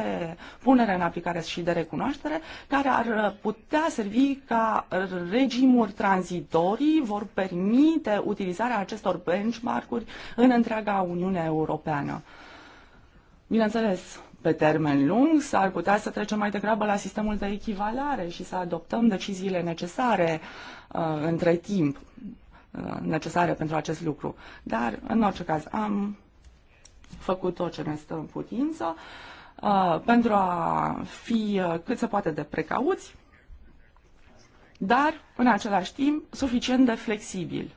punere în aplicare și de recunoaștere care ar putea servi ca regimuri tranzitorii, vor permite utilizarea acestor benchmark-uri în întreaga Uniune Europeană. Bineînțeles, pe termen lung s-ar putea să trecem mai degrabă la sistemul de echivalare și să adoptăm deciziile necesare uh, între timp uh, necesare pentru acest lucru. Dar, în orice caz, am făcut tot ce ne stă în putință uh, pentru a fi uh, cât se poate de precauți, dar, în același timp, suficient de flexibili.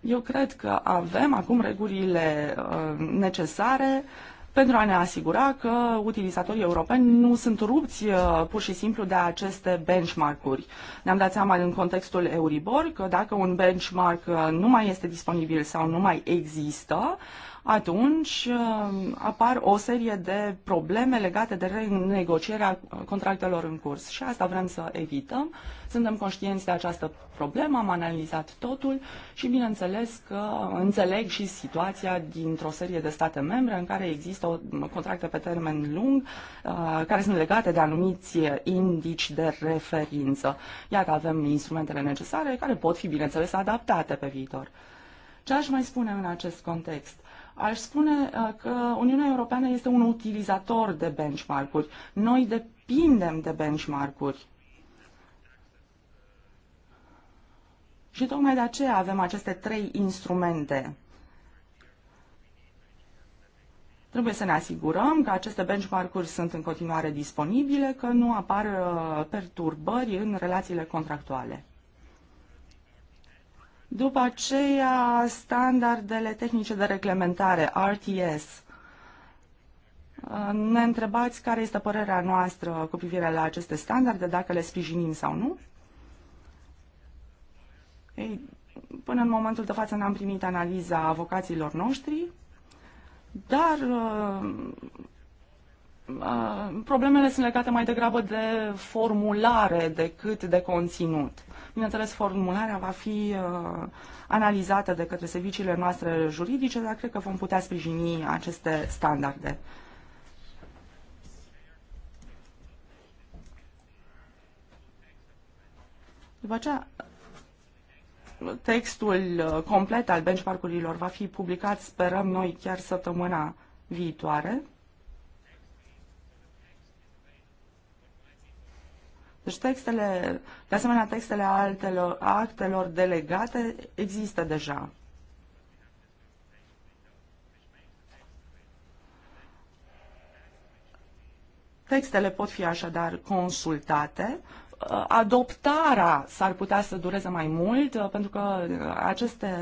Eu cred că avem acum regulile uh, necesare pentru a ne asigura că utilizatorii europeni nu sunt rupți uh, pur și simplu de aceste benchmark-uri. Ne-am dat seama în contextul Euribor că dacă un benchmark uh, nu mai este disponibil sau nu mai există, atunci uh, apar o serie de probleme legate de renegocierea contractelor în curs și asta vrem să evităm. Suntem conștienți de această problemă, am analizat totul și bineînțeles că înțeleg și situația dintr-o serie de state membre în care există contracte pe termen lung uh, care sunt legate de anumiți indici de referință. Iată, avem instrumentele necesare care pot fi, bineînțeles, adaptate pe viitor. Ce aș mai spune în acest context? Aș spune uh, că Uniunea Europeană este un utilizator de benchmark-uri. Noi depindem de benchmark-uri. Și tocmai de aceea avem aceste trei instrumente. Trebuie să ne asigurăm că aceste benchmark-uri sunt în continuare disponibile, că nu apar uh, perturbări în relațiile contractuale. După aceea, standardele tehnice de reglementare, RTS. Uh, ne întrebați care este părerea noastră cu privire la aceste standarde, dacă le sprijinim sau nu? Ei, până în momentul de față n-am primit analiza avocaților noștri, dar uh, uh, problemele sunt legate mai degrabă de formulare decât de conținut. Bineînțeles, formularea va fi uh, analizată de către serviciile noastre juridice, dar cred că vom putea sprijini aceste standarde. După aceea, textul uh, complet al benchmark-urilor va fi publicat, sperăm noi, chiar săptămâna viitoare. Deci textele, de asemenea textele altelor, actelor delegate există deja. Textele pot fi așadar consultate. Adoptarea s-ar putea să dureze mai mult, pentru că aceste,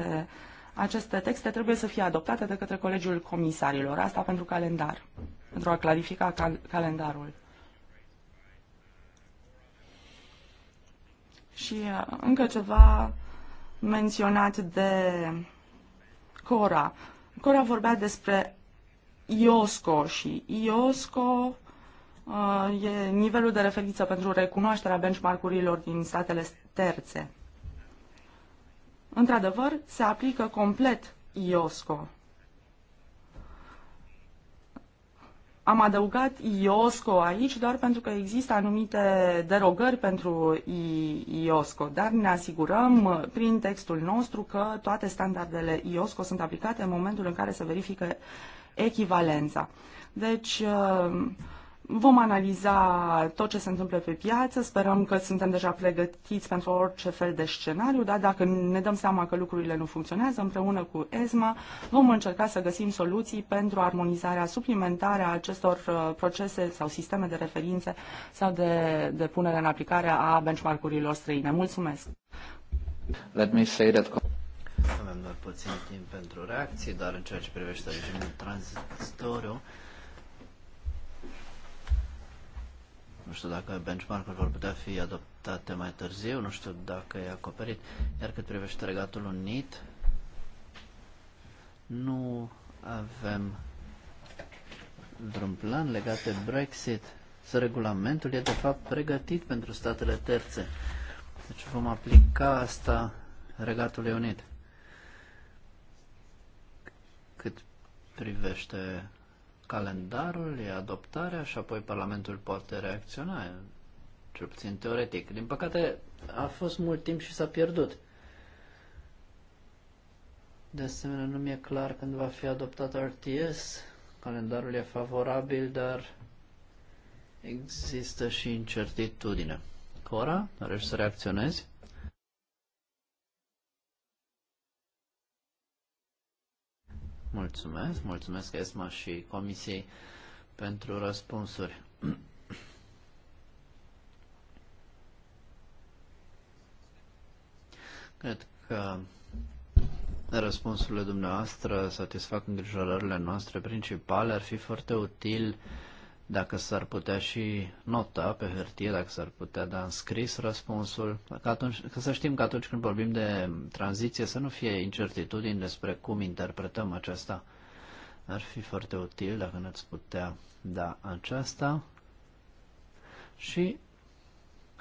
aceste texte trebuie să fie adoptate de către Colegiul Comisarilor. Asta pentru calendar, pentru a clarifica cal- calendarul. Și uh, încă ceva menționat de Cora. Cora vorbea despre IOSCO și IOSCO uh, e nivelul de referință pentru recunoașterea benchmark-urilor din statele terțe. Într-adevăr, se aplică complet IOSCO Am adăugat IOSCO aici doar pentru că există anumite derogări pentru IOSCO, dar ne asigurăm uh, prin textul nostru că toate standardele IOSCO sunt aplicate în momentul în care se verifică echivalența. Deci, uh, Vom analiza tot ce se întâmplă pe piață, sperăm că suntem deja pregătiți pentru orice fel de scenariu, dar dacă ne dăm seama că lucrurile nu funcționează, împreună cu ESMA vom încerca să găsim soluții pentru armonizarea suplimentară a acestor uh, procese sau sisteme de referințe sau de, de punere în aplicare a benchmark-urilor străine. Mulțumesc! Let me say that... Avem doar puțin timp pentru reacții, dar în ceea ce privește regimul tranzitoriu, Nu știu dacă benchmark-ul vor putea fi adoptate mai târziu, nu știu dacă e acoperit. Iar cât privește Regatul Unit, nu avem vreun plan legat de Brexit. Să regulamentul e de fapt pregătit pentru statele terțe. Deci vom aplica asta Regatului Unit. Cât privește calendarul, e adoptarea și apoi Parlamentul poate reacționa, cel puțin teoretic. Din păcate a fost mult timp și s-a pierdut. De asemenea, nu mi-e clar când va fi adoptat RTS. Calendarul e favorabil, dar există și incertitudine. Cora, dorești să reacționezi? Mulțumesc, mulțumesc ESMA și Comisiei pentru răspunsuri. Cred că răspunsurile dumneavoastră satisfac îngrijorările noastre principale. Ar fi foarte util uh, dacă s-ar putea și nota pe hârtie, dacă s-ar putea da în scris răspunsul, că, atunci, că să știm că atunci când vorbim de tranziție să nu fie incertitudini despre cum interpretăm aceasta. Ar fi foarte util dacă ne-ați putea da aceasta. Și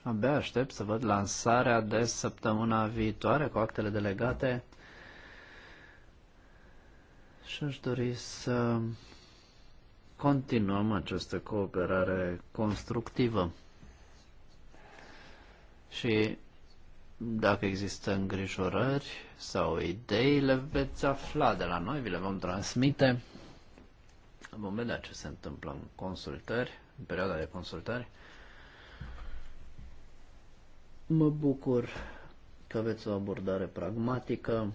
abia aștept să văd lansarea de săptămâna viitoare cu actele delegate. Și aș dori să continuăm această cooperare constructivă. Și dacă există îngrijorări sau idei, le veți afla de la noi, vi le vom transmite. Vom vedea ce se întâmplă în consultări, în perioada de consultări. Mă bucur că aveți o abordare pragmatică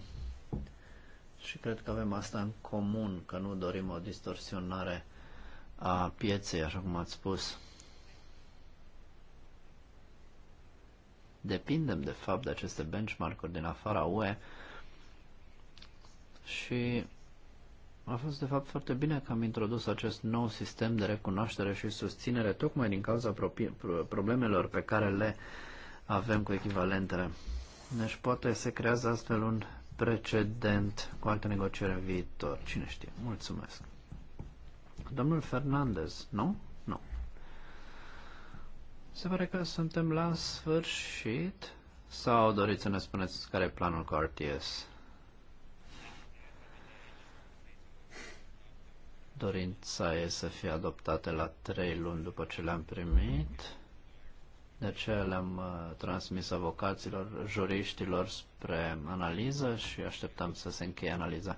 și cred că avem asta în comun, că nu dorim o distorsionare a pieței, așa cum ați spus. Depindem, de fapt, de aceste benchmark-uri din afara UE și a fost, de fapt, foarte bine că am introdus acest nou sistem de recunoaștere și susținere, tocmai din cauza problemelor pe care le avem cu echivalentele. Deci poate se creează astfel un precedent cu alte negocieri în viitor. Cine știe? Mulțumesc! Domnul Fernandez, nu? Nu. Se pare că suntem la sfârșit. Sau doriți să ne spuneți care e planul cu RTS? Dorința e să fie adoptate la trei luni după ce le-am primit. De ce le-am uh, transmis avocaților, juriștilor spre analiză și așteptăm să se încheie analiza.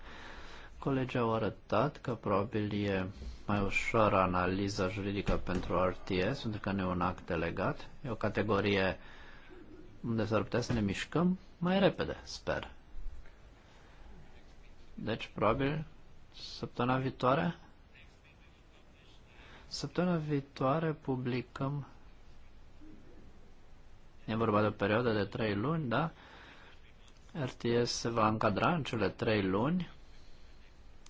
Colegii au arătat că probabil e mai ușoară analiza juridică pentru RTS, pentru că nu e un act delegat. E o categorie unde s-ar putea să ne mișcăm mai repede, sper. Deci, probabil, săptămâna viitoare? Săptămâna viitoare publicăm... E vorba de o perioadă de trei luni, da? RTS se va încadra în cele trei luni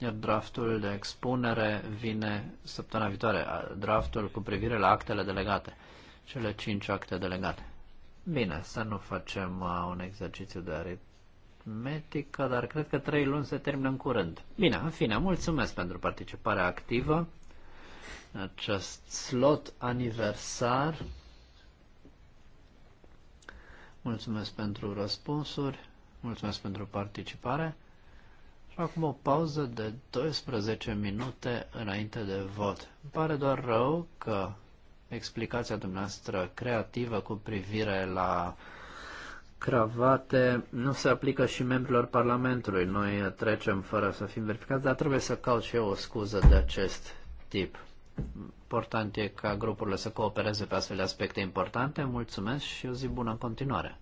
iar draftul de expunere vine săptămâna viitoare, draftul cu privire la actele delegate, cele cinci acte delegate. Bine, să nu facem uh, un exercițiu de aritmetică, dar cred că trei luni se termină în curând. Bine, în fine, mulțumesc pentru participarea activă în acest slot aniversar. Mulțumesc pentru răspunsuri, mulțumesc pentru participare. Acum o pauză de 12 minute înainte de vot. Îmi pare doar rău că explicația dumneavoastră creativă cu privire la cravate nu se aplică și membrilor Parlamentului. Noi trecem fără să fim verificați, dar trebuie să caut și eu o scuză de acest tip. Important e ca grupurile să coopereze pe astfel de aspecte importante. Mulțumesc și o zi bună în continuare!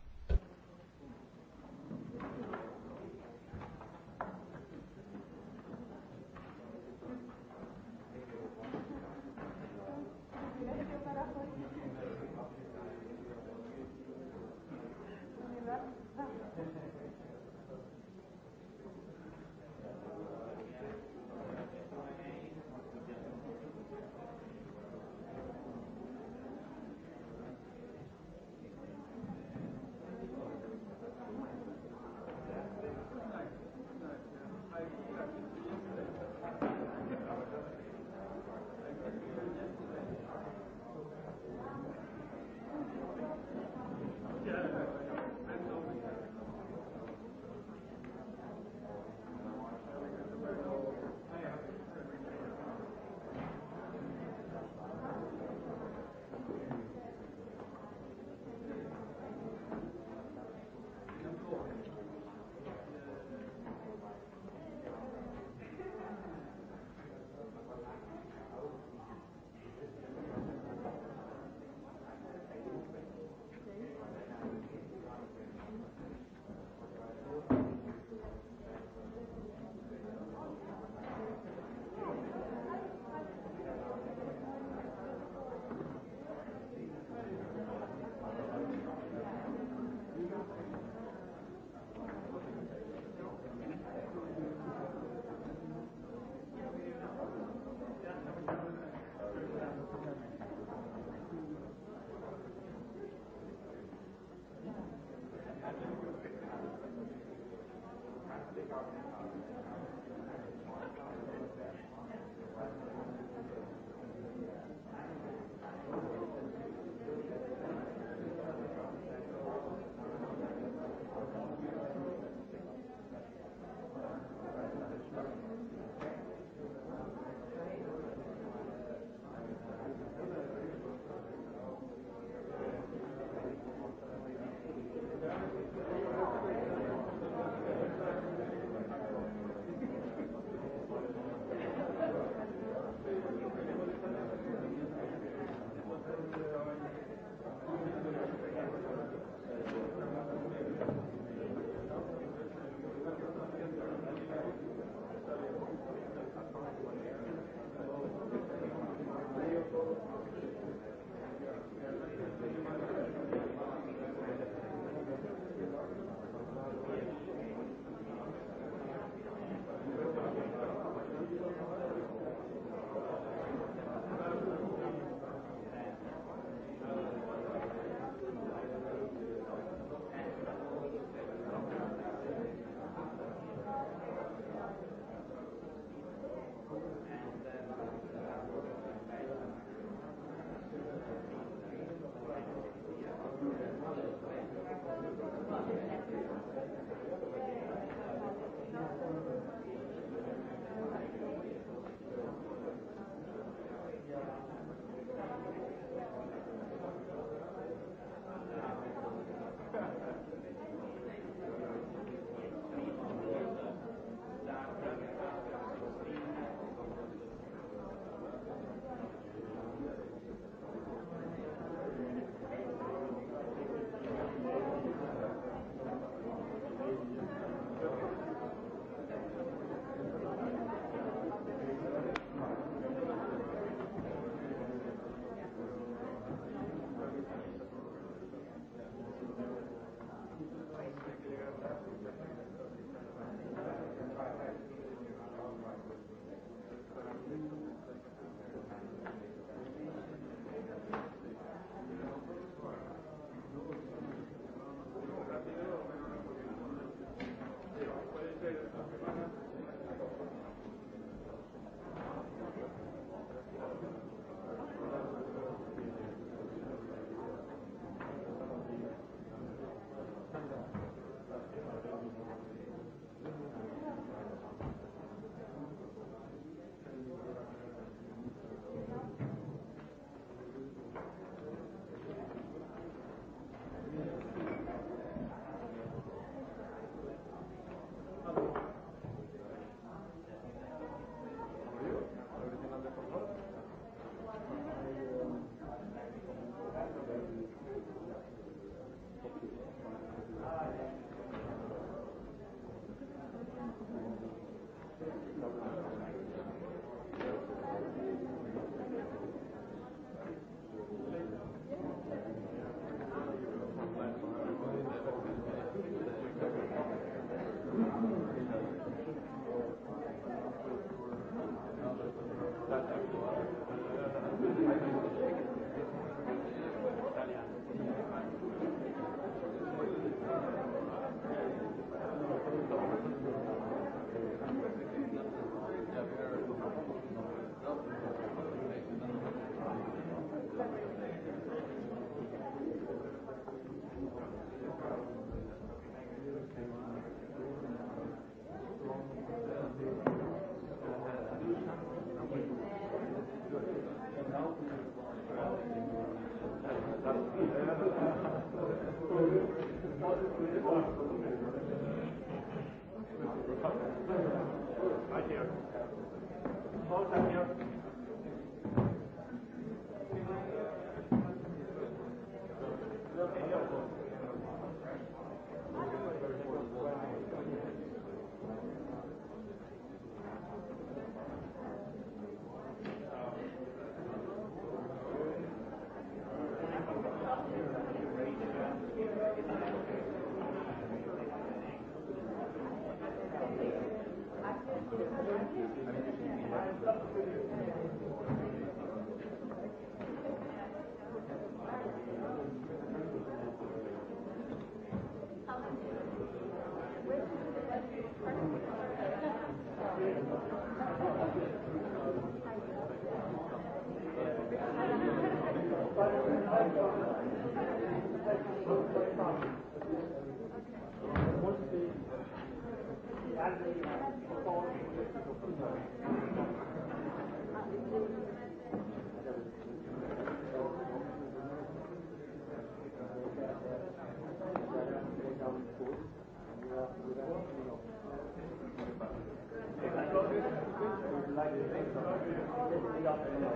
Thank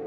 you.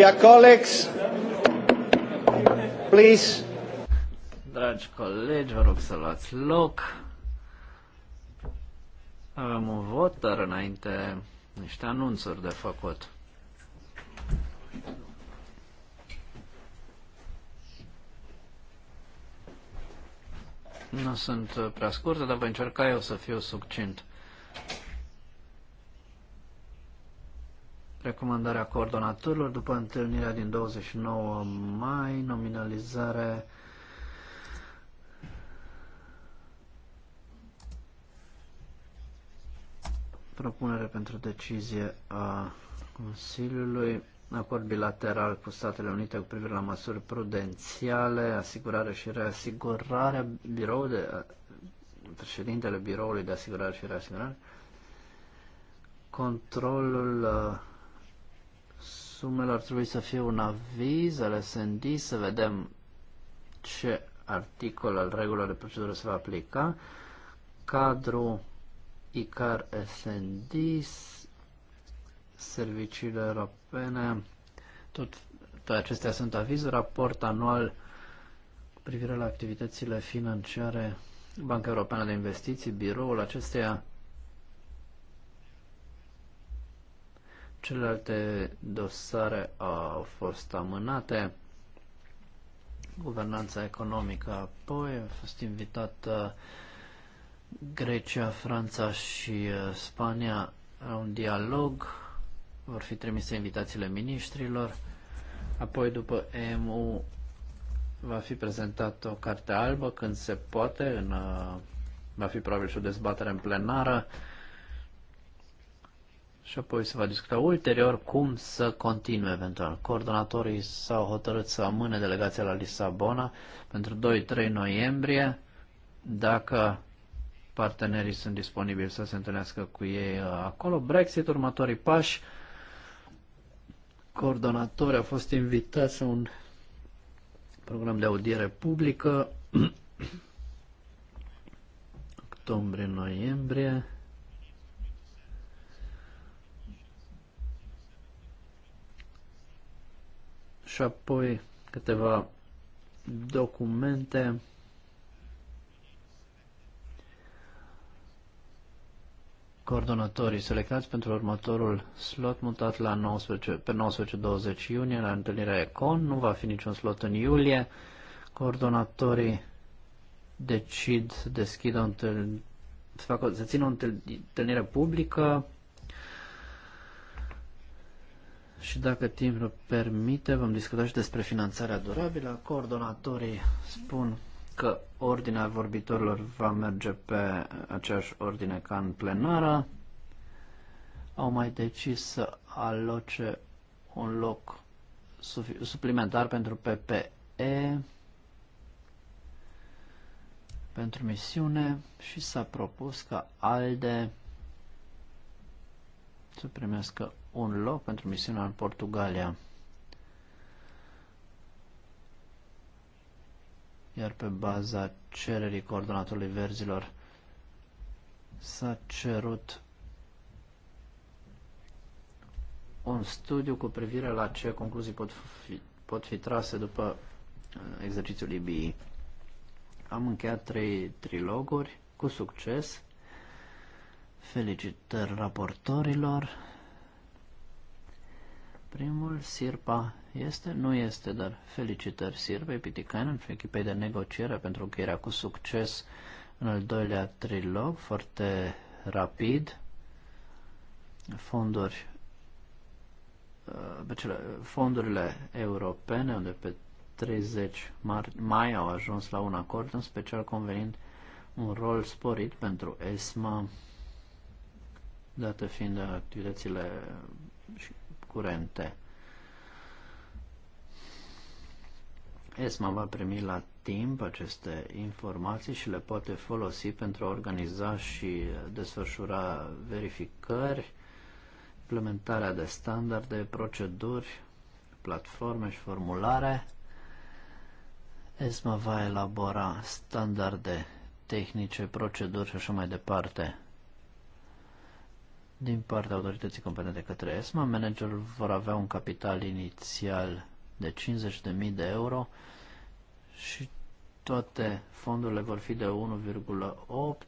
Dear colleagues, please. Dragi colegi, vă rog să luați loc. Avem un vot, dar înainte niște anunțuri de făcut. Nu sunt prea scurte, dar voi încerca eu să fiu succint. recomandarea coordonatorilor după întâlnirea din 29 mai, nominalizare propunere pentru decizie a Consiliului, acord bilateral cu Statele Unite cu privire la măsuri prudențiale, asigurare și reasigurare, birou de, președintele biroului de asigurare și reasigurare, controlul uh, sumele ar trebui să fie un aviz al SND, să vedem ce articol al regulilor de procedură se va aplica. Cadru ICAR SND, serviciile europene, tot, tot acestea sunt aviz, raport anual cu privire la activitățile financiare, Banca Europeană de Investiții, biroul acesteia Celelalte dosare au fost amânate. Guvernanța economică apoi a fost invitată Grecia, Franța și uh, Spania la un dialog. Vor fi trimise invitațiile ministrilor. Apoi, după EMU, va fi prezentată o carte albă când se poate, în, uh, va fi probabil și o dezbatere în plenară și apoi se va discuta ulterior cum să continue eventual. Coordonatorii s-au hotărât să amâne delegația la Lisabona pentru 2-3 noiembrie, dacă partenerii sunt disponibili să se întâlnească cu ei uh, acolo. Brexit, următorii pași, coordonatori au fost invitați la un program de audiere publică octombrie-noiembrie. și apoi câteva documente coordonatorii selectați pentru următorul slot mutat la 19, pe 19-20 iunie la întâlnirea ECON. Nu va fi niciun slot în iulie. Coordonatorii decid să deschidă o întâlnire, să, o, să țină o întâlnire publică și dacă timpul permite, vom discuta și despre finanțarea durabilă. Coordonatorii spun că ordinea vorbitorilor va merge pe aceeași ordine ca în plenară. Au mai decis să aloce un loc suplimentar pentru PPE, pentru misiune și s-a propus ca ALDE să primească un loc pentru misiunea în Portugalia. Iar pe baza cererii coordonatorului verzilor s-a cerut un studiu cu privire la ce concluzii pot fi, pot fi trase după uh, exercițiul IBI. Am încheiat trei triloguri cu succes Felicitări raportorilor. Primul, Sirpa, este? Nu este, dar felicitări Sirpei Piticainen și echipei de negociere pentru că era cu succes în al doilea trilog, foarte rapid. Fonduri uh, pe cele, fondurile europene, unde pe 30 mai au ajuns la un acord, în special convenind un rol sporit pentru ESMA, dată fiind activitățile curente. ESMA va primi la timp aceste informații și le poate folosi pentru a organiza și desfășura verificări, implementarea de standarde, proceduri, platforme și formulare. ESMA va elabora standarde tehnice, proceduri și așa mai departe din partea autorității competente către ESMA, managerul vor avea un capital inițial de 50.000 de euro și toate fondurile vor fi de 1,8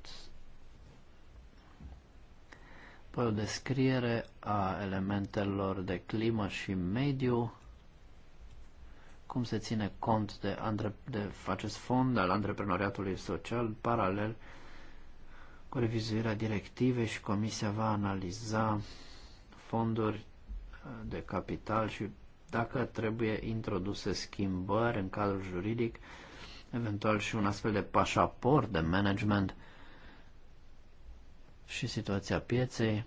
Păi o descriere a elementelor de climă și mediu, cum se ține cont de, de acest fond al antreprenoriatului social paralel cu revizuirea directivei și Comisia va analiza fonduri uh, de capital și dacă trebuie introduse schimbări în cadrul juridic, eventual și un astfel de pașaport de management și situația pieței.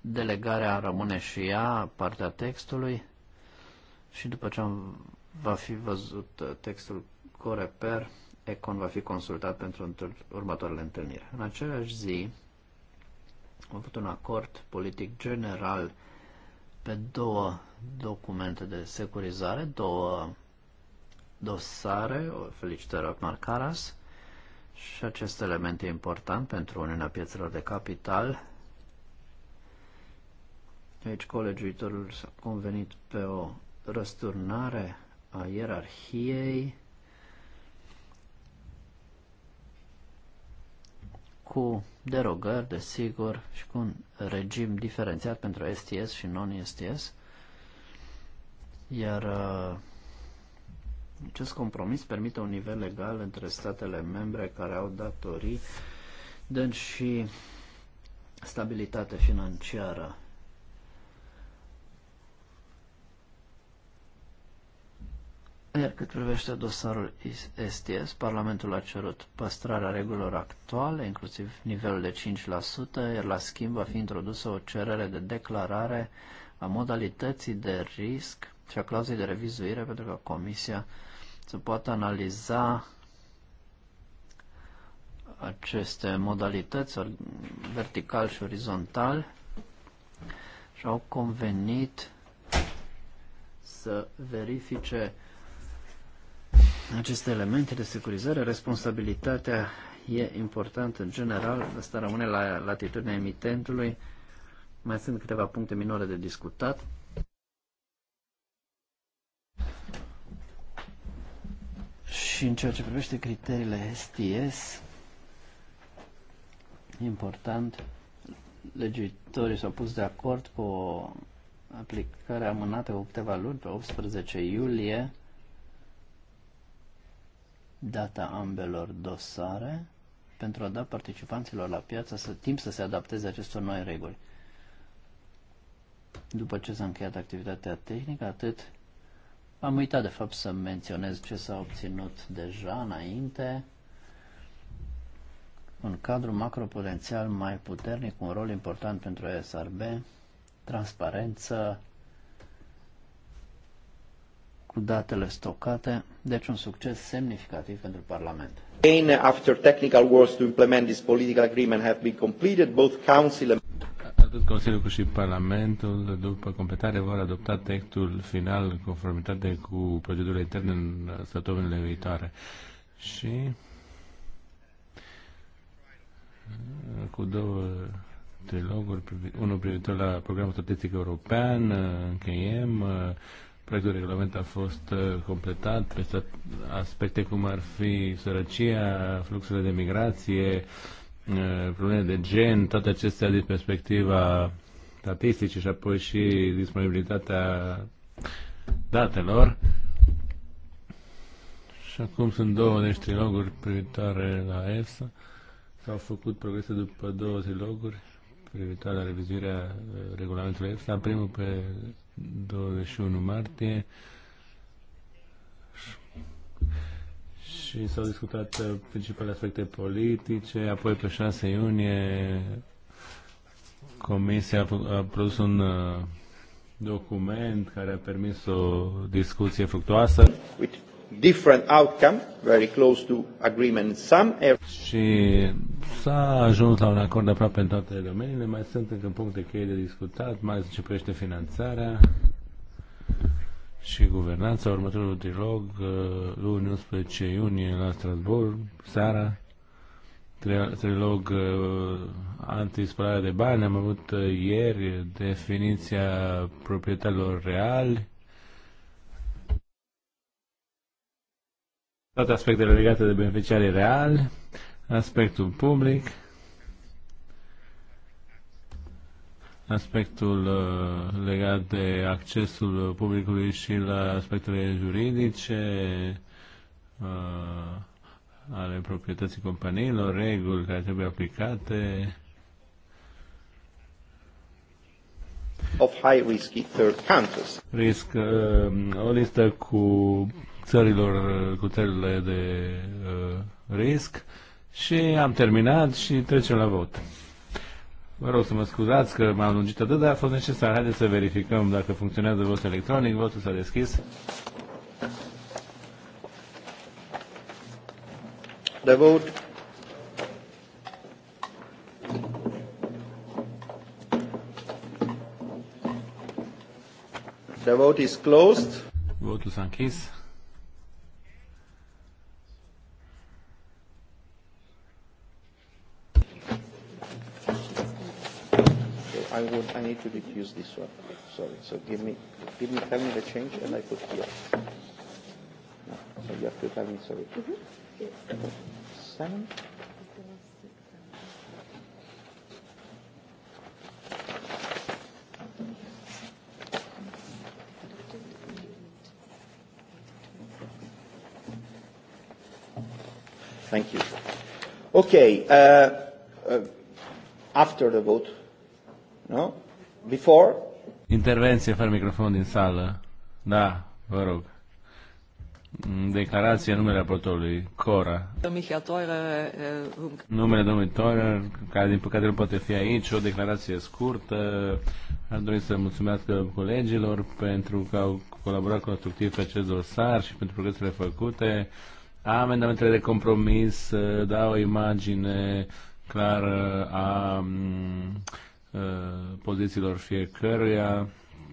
Delegarea rămâne și ea, partea textului și după ce am, va fi văzut uh, textul Coreper, Econ va fi consultat pentru următoarele întâlniri. În aceeași zi am avut un acord politic general pe două documente de securizare, două dosare, o felicitări Otmar Caras, și acest element e important pentru Uniunea Piețelor de Capital. Aici colegiuitorul s-a convenit pe o răsturnare a ierarhiei cu derogări, desigur, și cu un regim diferențiat pentru STS și non-STS. Iar uh, acest compromis permite un nivel legal între statele membre care au datorii, dând și stabilitate financiară. Iar cât privește dosarul STS, Parlamentul a cerut păstrarea regulilor actuale, inclusiv nivelul de 5%, iar la schimb va fi introdusă o cerere de declarare a modalității de risc și a clauzei de revizuire pentru ca Comisia să poată analiza aceste modalități vertical și orizontal și au convenit să verifice aceste elemente de securizare, responsabilitatea e importantă în general, asta rămâne la latitudinea emitentului. Mai sunt câteva puncte minore de discutat. Și în ceea ce privește criteriile STS, important, legitorii s-au pus de acord cu aplicarea amânată cu câteva luni, pe 18 iulie, data ambelor dosare pentru a da participanților la piață să, timp să se adapteze acestor noi reguli. După ce s-a încheiat activitatea tehnică, atât am uitat de fapt să menționez ce s-a obținut deja înainte. Un cadru macroprudențial mai puternic, un rol important pentru ESRB, transparență, cu datele stocate, deci un succes semnificativ pentru Parlament. after technical works to implement this political agreement have been completed, both Council and atât Consiliul cât și Parlamentul, după completare, vor adopta textul final în conformitate cu procedurile interne în săptămânile viitoare. Și cu două triloguri, unul privitor la programul strategic european, încheiem Proiectul de regulament a fost uh, completat peste aspecte cum ar fi sărăcia, fluxurile de migrație, uh, probleme de gen, toate acestea din perspectiva statisticii și apoi și disponibilitatea datelor. Și acum sunt două niște triloguri privitoare la ESA S-au făcut progrese după două triloguri privitoare la revizuirea uh, regulamentului ESA. Primul pe 21 martie și s-au discutat uh, principalele aspecte politice, apoi pe 6 iunie Comisia a produs un uh, document care a permis o discuție fructuoasă. Uite different outcome, very close to agreement in some areas. Și s-a ajuns la un acord aproape în toate domeniile, mai sunt încă puncte cheie de discutat, mai se privește finanțarea și guvernanța. Următorul trilog, uh, luni 11 iunie la Strasbourg, seara, trilog uh, antispălare de bani. Am avut uh, ieri definiția proprietarilor reali, toate aspectele legate de beneficiarii reali, aspectul public, aspectul uh, legat de accesul publicului și la aspectele juridice uh, ale proprietății companiilor, reguli care trebuie aplicate. Of high risky third countries. uh, o listă cu țărilor uh, cu țările de uh, risc și am terminat și trecem la vot. Vă rog să mă scuzați că m-am lungit atât, dar a fost necesar. Haideți să verificăm dacă funcționează votul electronic. Votul s-a deschis. The vote. The vote is closed. Votul s-a închis. would, I need to diffuse this one. Sorry. So give me, give me, tell me the change, and I put here. No, so you have to tell me. Sorry. Mm-hmm. Yes. Seven. Thank you. Okay. Uh, uh, after the vote, No? Before? Intervenție fără microfon din sală. Da, vă rog. Declarație numele raportorului Cora. Uh, numele domnului Toirer, care din păcate nu poate fi aici, o declarație scurtă. Ar dori să mulțumesc colegilor pentru că au colaborat constructiv pe acest dosar și pentru progresele făcute. Amendamentele de compromis uh, dau o imagine clară a mm, Uh, pozițiilor fiecăruia.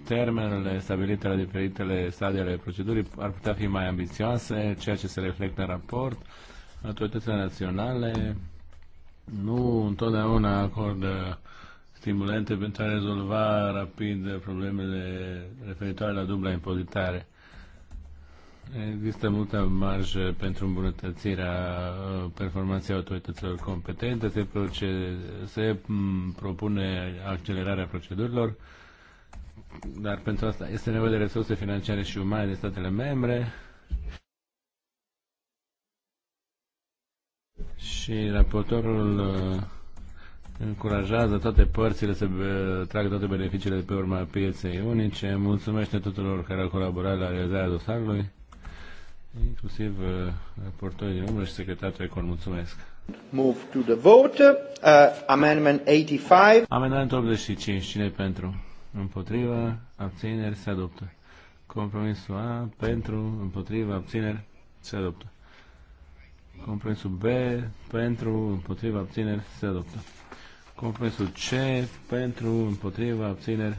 Termenele stabilite la diferitele stadii ale procedurii ar putea fi mai ambițioase, ceea ce se reflectă în raport. Autoritățile naționale nu întotdeauna acordă stimulente pentru a rezolva rapid problemele referitoare la dubla impozitare. Există multă marjă pentru îmbunătățirea uh, performanței autorităților competente, se, proce- se mm, propune accelerarea procedurilor, dar pentru asta este nevoie de resurse financiare și umane de statele membre. Și raportorul uh, încurajează toate părțile să uh, tragă toate beneficiile de pe urma pieței unice, mulțumește tuturor care au colaborat la realizarea dosarului inclusiv uh, raportorii de umbră și secretarul Econ. Mulțumesc. Move to the vote. Uh, amendment 85. Amendamentul 85. Cine pentru? Împotriva. Abțineri. Se adoptă. Compromisul A. Pentru. Împotriva. Abțineri. Se adoptă. Compromisul B. Pentru. Împotriva. Abțineri. Se adoptă. Compromisul C. Pentru. Împotriva. Abțineri.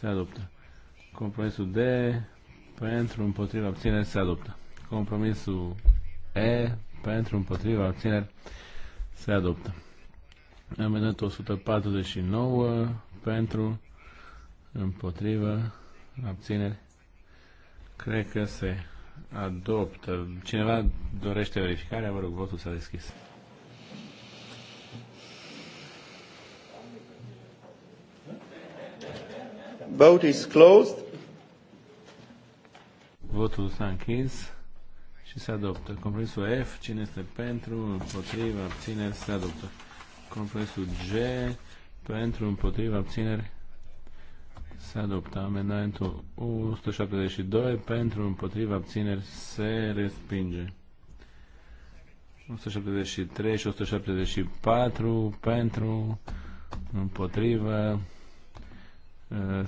Se adoptă. Compromisul D pentru împotriva abțineri se adoptă. Compromisul E pentru împotriva abțineri se adoptă. Amendamentul 149 pentru împotriva abțineri cred că se adoptă. Cineva dorește verificarea? Vă rog, votul s-a deschis. Vote is closed. Votul s-a închis și se adoptă. Compromisul F, cine este pentru, împotriva, abțineri, se adoptă. Compromisul G, pentru, împotriva, abțineri, se adoptă. Amendamentul 172, pentru, împotriva, abțineri, se respinge. 173 și 174 pentru, împotrivă,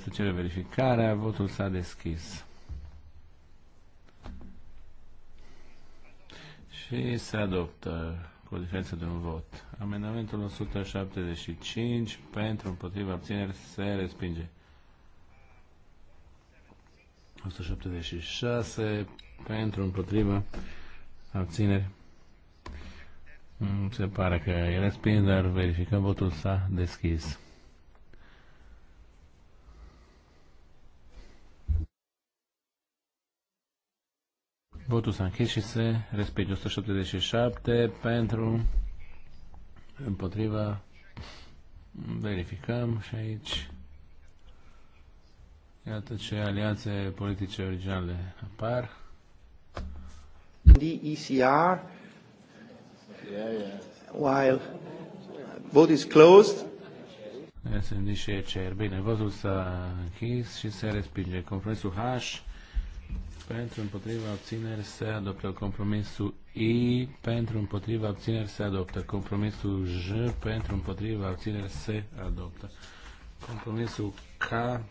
se cere verificarea, votul s-a deschis. și se adoptă cu diferență de un vot. Amendamentul 175 pentru împotriva abțineri se respinge. 176 pentru împotriva abțineri. Mm, se pare că e respins, dar verificăm votul s-a deschis. Votul s-a închis și se respinge 177 pentru, împotriva, verificăm și aici iată ce alianțe politice originale apar. DECR while vote is closed, SND și ECR. Bine, votul s-a închis și se respinge. Compromisul H pentru împotriva abțineri se adoptă compromisul I, pentru împotriva abțineri se adoptă compromisul J, pentru împotriva abțineri se adoptă compromisul K,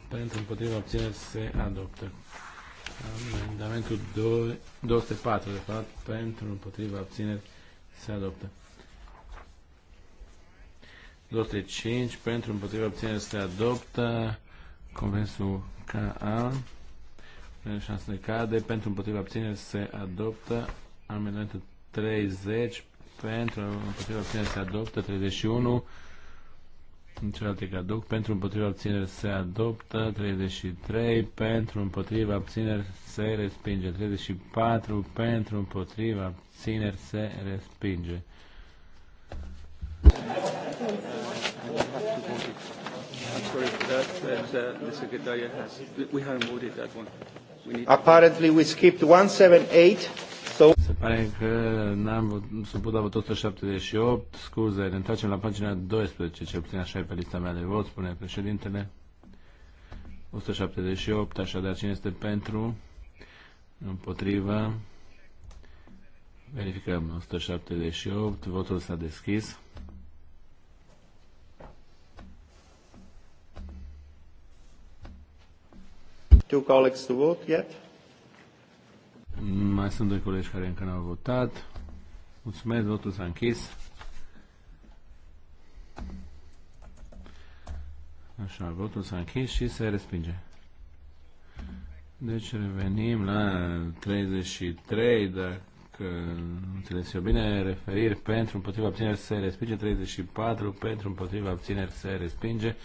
pentru împotriva abțineri se adoptă amendamentul 204, de fapt, pentru împotriva abțineri se adoptă 205, pentru împotriva abțineri se adoptă compromisul KA șansele cade, pentru împotriva abțineri se adoptă amendamentul 30, pentru împotriva abțineri se adoptă 31, în celelalte caduc, pentru împotriva abțineri se adoptă 33, pentru împotriva abțineri se respinge 34, pentru împotriva abțineri se respinge. Sorry for that, but, uh, the secretary has, we haven't voted that one. Apparently we skipped 178. So... Se pare că n-am supus 178. Scuze, ne întoarcem la pagina 12, cel puțin așa e pe lista mea de vot, spune președintele. 178, așadar cine este pentru? Împotrivă. Verificăm 178, votul s-a deschis. Two colleagues to vote yet? Mai sunt doi colegi care încă n-au votat. Mulțumesc, votul s-a închis. Așa, votul s-a închis și se respinge. Deci revenim la 33, dacă înțeles eu bine, referiri pentru împotriva abțineri se respinge, 34 pentru împotriva abțineri se respinge,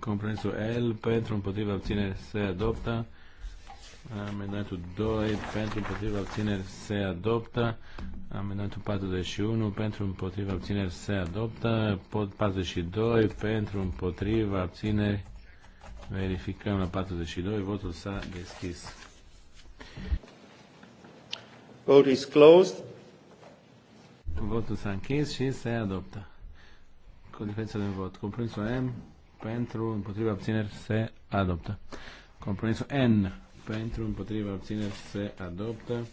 Compromisul L pentru împotriva abțineri se adoptă. Amendamentul 2 pentru împotriva abțineri se adoptă. Amendamentul 41 pentru împotriva abțineri se adoptă. Pod 42 pentru împotriva abțineri. Verificăm la 42. Votul s-a deschis. Vote is closed. Votul s-a închis și se adoptă. Cu diferență de vot. Compromisul M pentru, împotriva abțineri se adoptă. Compromisul N pentru, împotriva abțineri se adoptă.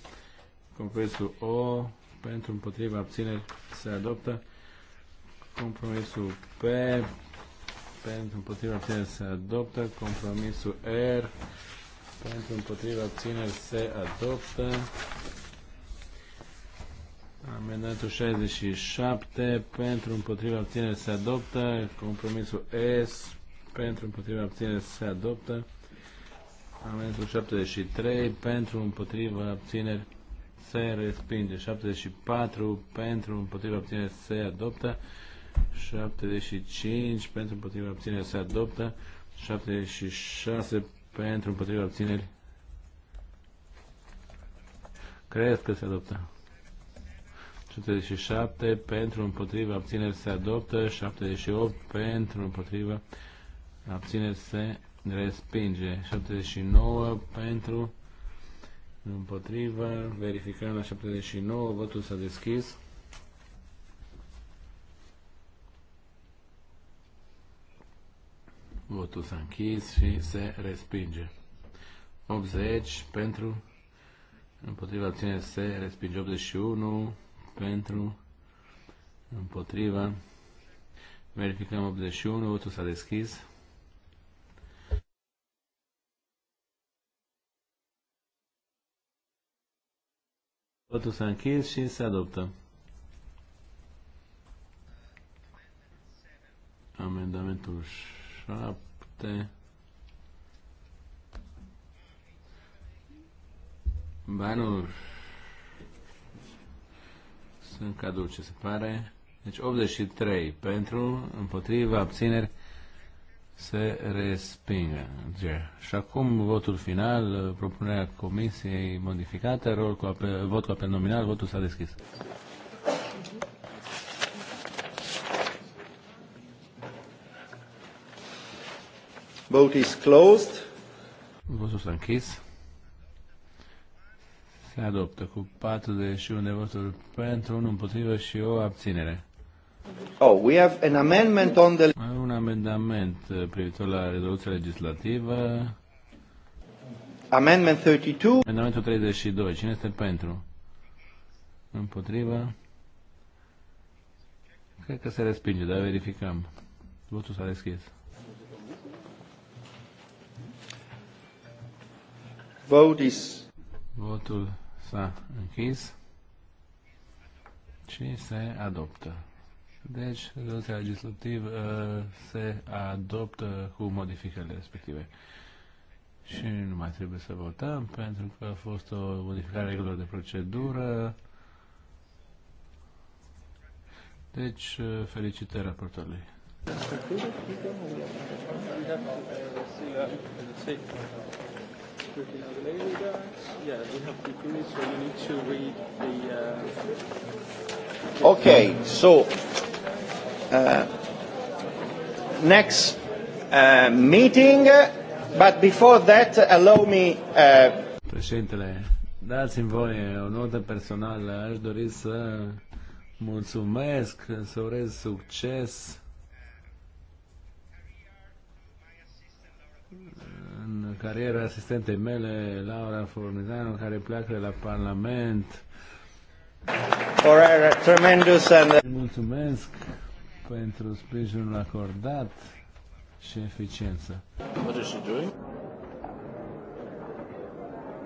Compromisul O pentru, împotriva abțineri se adoptă. Compromisul P pentru, împotriva abțineri se adoptă. Compromisul R pentru, împotriva abțineri se adoptă. Amendamentul 67 pentru împotriva abținere se adoptă. Compromisul S pentru împotriva abținere se adoptă. Amendamentul 73 pentru împotriva abținere se respinge. 74 pentru împotriva abținere se adoptă. 75 pentru împotriva abținere se adoptă. 76 pentru împotriva abținere. Cred că se adoptă. 137 pentru împotriva abțineri se adoptă, 78 pentru împotriva abțineri se respinge, 79 pentru împotriva, verificăm la 79, votul s-a deschis. Votul s-a închis și se respinge. 80 pentru, împotriva abțineri se respinge 81, pentru, împotriva, verificăm 81, votul s-a deschis. Votul s-a închis și se adoptă. Amendamentul 7. Ba sunt ce se pare. Deci 83 pentru, împotriva, abțineri, se respinge. Deci, și acum votul final, propunerea comisiei modificată, rol cu apel, vot cu apel nominal, votul s-a deschis. Vote is closed. Votul s-a închis se adoptă cu 41 de voturi pentru, un împotrivă și o abținere. Oh, we have an amendment on the... Un amendament uh, privitor la rezoluția legislativă. Amendment 32. Amendamentul 32. Cine este pentru? Împotrivă? Cred că se respinge, dar verificăm. Votul s-a deschis. Vote is Votul s-a închis și se adoptă. Deci, rezoluția legislativ uh, se adoptă cu modificările respective. Și nu mai trebuie să votăm pentru că a fost o modificare a regulilor de procedură. Deci, uh, felicitări raportorului. Thank you okay, so uh, next uh, meeting, but before that, allow me. Uh, Președintele, dați-mi voie o notă personală. Aș dori să mulțumesc, să urez succes cariera asistentei mele, Laura Fornizanu, care pleacă la Parlament. tremendous and... Mulțumesc pentru sprijinul acordat și eficiență. What is she doing?